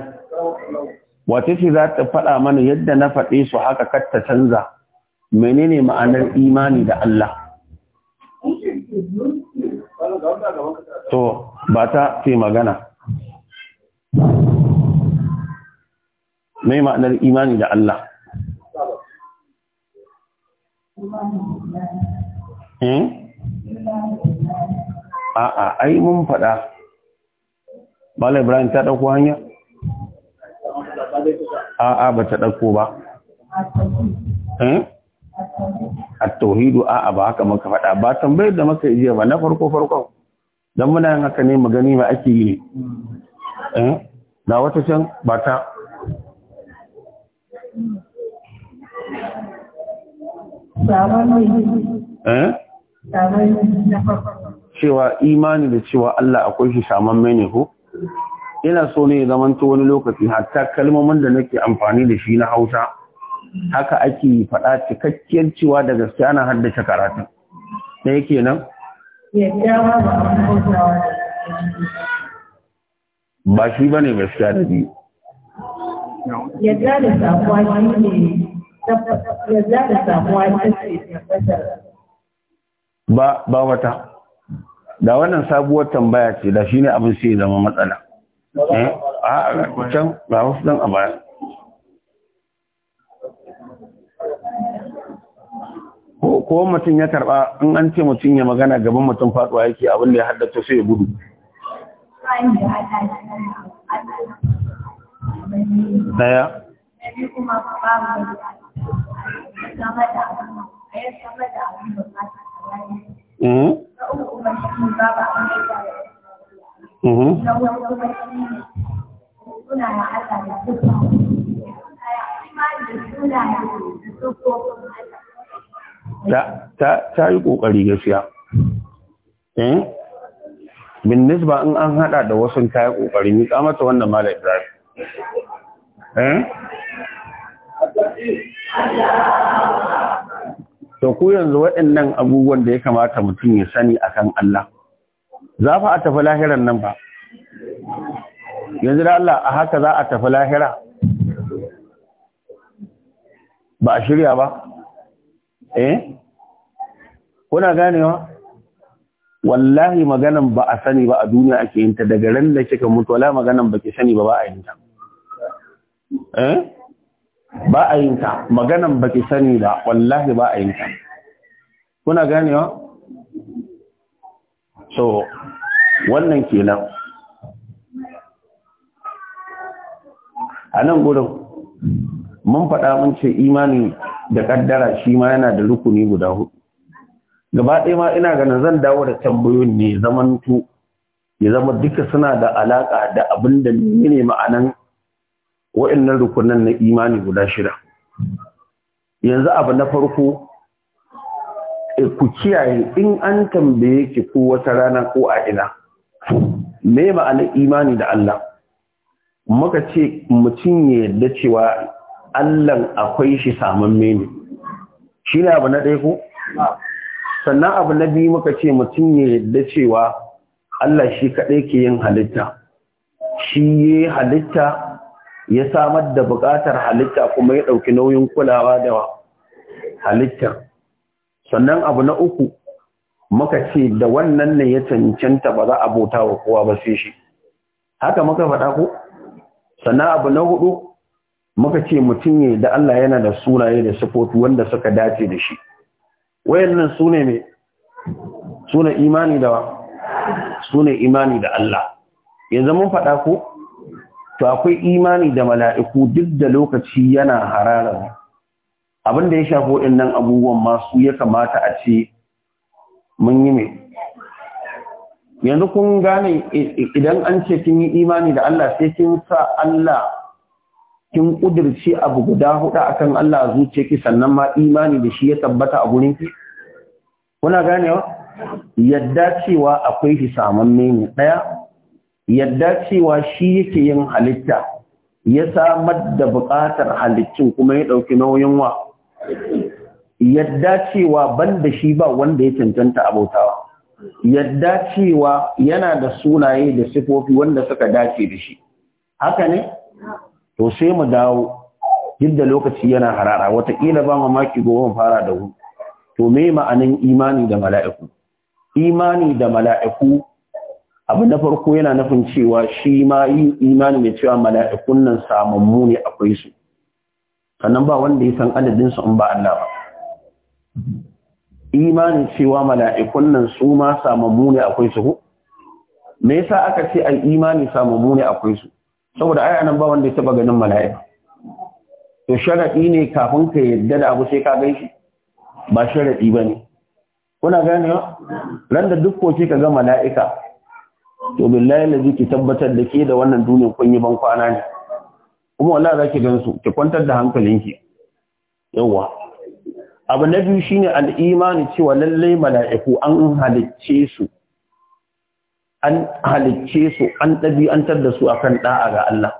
wace ce za ta faɗa mana yadda na faɗe su haka katta canza menene ma'anar imani da Allah to ba ta ce magana mai ma'anar imani da Allah hmm? a'a ai mun faɗa Bala Ibrahim ta ɗauko hanya? a'a ba ta ɗauko ba hmm? a tauhidu a'a ba haka maka faɗa ba tambayar da maka jiya ba na farko farko don muna yin haka ne magani ba ake yi ne na hmm? wata can ba ta hmm? cewa imani da cewa Allah akwai shi saman ne ko ina so ne zamanto wani lokaci hatta kalmomin da nake amfani da shi na hausa haka ake faɗa cikakkiyar cewa da gaskiya ana haddace karatun da yake nan ba shi ba ne gaskiya da biyu yadda da samuwa shi ne yadda da shi ne ba wata da wannan sabuwar tambaya ce da shi ne abin sai zama matsala Eh? Ah, can ba wasu a baya ko mutum ya karba in an ce mutum ya magana gaban mutum faduwa yake abin da ya haddata sai ya gudu daya Mm-hmm. Eh? Mm-hmm. ta yi ƙoƙari eh bin nisba in an hada da wasu ta yi ƙoƙari ni mata wannan mala ibrahim eh? to ku yanzu waɗannan abubuwan da ya kamata mutum ya sani akan Allah za fa a tafi lahiran nan ba yanzu da Allah a haka za a tafi lahira ba a shirya ba eh kuna ganewa wallahi maganan ba a sani ba a duniya ake yin ta daga ran da kika mutu wala maganan ba ki sani ba ba a yin ta eh ba a yin ta maganan ba ki sani ba wallahi ba a yin ta kuna ganewa to wannan kenan a nan gudun mun faɗa mun ce imani da ƙaddara shi ma yana da rukuni guda hudu gaba ɗaya ma ina ganin zan dawo da tambayoyin ne tu, ya zama duka suna da alaƙa da abin da ne ma'anan wa'annan rukunan na imani guda shida yanzu abu na farko ku kiyaye in an tambaye ki ko wata rana ko a ina me ma'anar imani da Allah muka ce mutum ya yarda cewa Allah akwai shi saman mene shi ne abu na ɗaya ko sannan abu na biyu muka ce mutum ya yarda cewa Allah shi kaɗai ke yin halitta shi ya halitta ya samar da buƙatar halitta kuma ya ɗauki nauyin kulawa da halittar sannan abu na uku muka ce da wannan ne ya cancanta ba za a bota wa kowa ba sai shi haka muka faɗa ko sannan abu na hudu muka ce mutum ne da Allah yana da sunaye da sifofi wanda suka dace da shi wayannan sune ne sune imani da sune imani da Allah yanzu mun faɗa ko to akwai imani da mala'iku duk da lokaci yana hararar abin da ya shafi waɗannan abubuwan masu ya kamata a ce mun yi mai yanzu kun gane idan an ce kin yi imani da Allah sai kin sa Allah kin kudirce abu guda hudu akan Allah zuciya ki sannan ma imani da shi ya tabbata a gurin ki kuna gane wa? yadda cewa akwai shi saman ne ɗaya. yadda cewa shi yake yin halitta ya samar da buƙatar halittun kuma ya ɗauki nauyin wa yadda cewa ban da shi ba wanda ya cancanta abautawa yadda cewa yana da sunaye da sifofi wanda suka dace da shi haka ne to sai mu dawo duk lokaci yana harara wataƙila ba mamaki goma fara da hu to me ma'anin imani da mala'iku imani da mala'iku abu na farko yana nufin cewa shi ma yin imani mai cewa mala'ikun nan samammu ne akwai su sannan ba wanda ya san adadin in ba Allah ba imanin cewa mala'ikun nan su ma samammu ne akwai su ko me yasa aka ce ayi imani samammu ne akwai su saboda ai anan ba wanda ya taba ganin mala'ika to sharadi ne kafin ka yadda da abu sai ka shi ba sharadi bane kuna ganewa ran da duk koke ka ga mala'ika to billahi lazi ki tabbatar da ke da wannan duniyar kun ban kwana ne kuma wallahi ki gansu ki kwantar da hankalinki yawa abu na biyu shine al'imani cewa lallai mala'iku an halicce su an halicce su an ɗabi'antar da su akan ɗa'a ga Allah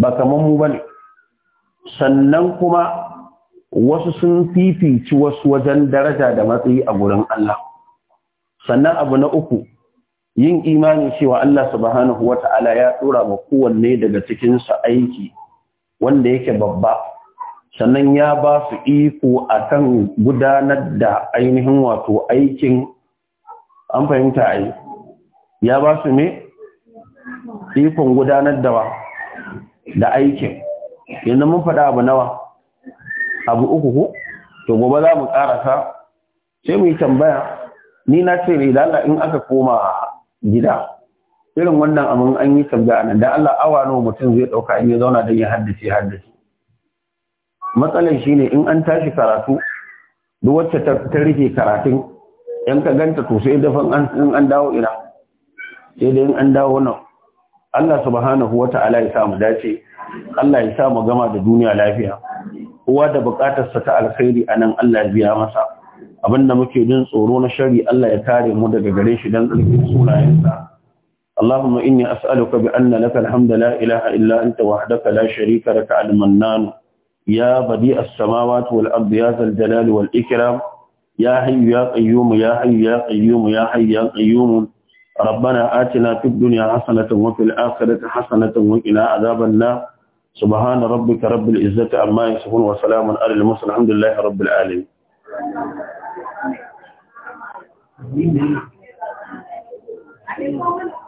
ba kamar mu bane sannan kuma wasu sun fifici wasu wajen daraja da matsayi a gurin Allah sannan abu na uku yin imani cewa Allah subhanahu ta'ala ya tura ba kowanne daga cikin sa aiki wanda yake babba sannan ya ba su iko akan gudanar da ainihin wato aikin an fahimta ai ya ba su ne ikon gudanar da da aikin yanzu mun faɗa abu nawa abu uku ko to gobe za mu ƙarasa sai mu yi tambaya ni na ce ne lalla in aka koma gida irin wannan amin an yi sabga a nan da Allah awa nawa mutum zai ɗauka in ya zauna don ya haddace haddace matsalar ne in an tashi karatu duk wacce ta rike karatun yan ka ganta to sai dafan in an dawo ina sai da in an dawo nan Allah subhanahu wa ta'ala ya mu dace Allah ya sa mu gama da duniya lafiya kowa da bukatarsa ta alkhairi anan Allah ya biya masa abinda muke jin tsoro na shari Allah ya kare mu daga gare shi dan tsarkin sunayensa. Allahumma inni as'aluka bi anna laka alhamdu illa anta wahdaka la sharika laka al ya badi as-samawati wal ardi ya zal jalali wal ikram ya hayyu ya qayyum ya hayyu ya qayyum ya hayyu ya qayyum rabbana atina fid dunya hasanatan wa fil akhirati hasanatan wa qina adhaban nar subhana rabbika rabbil amma yasifun wa salamun alal mursalin alhamdulillahi Thank you.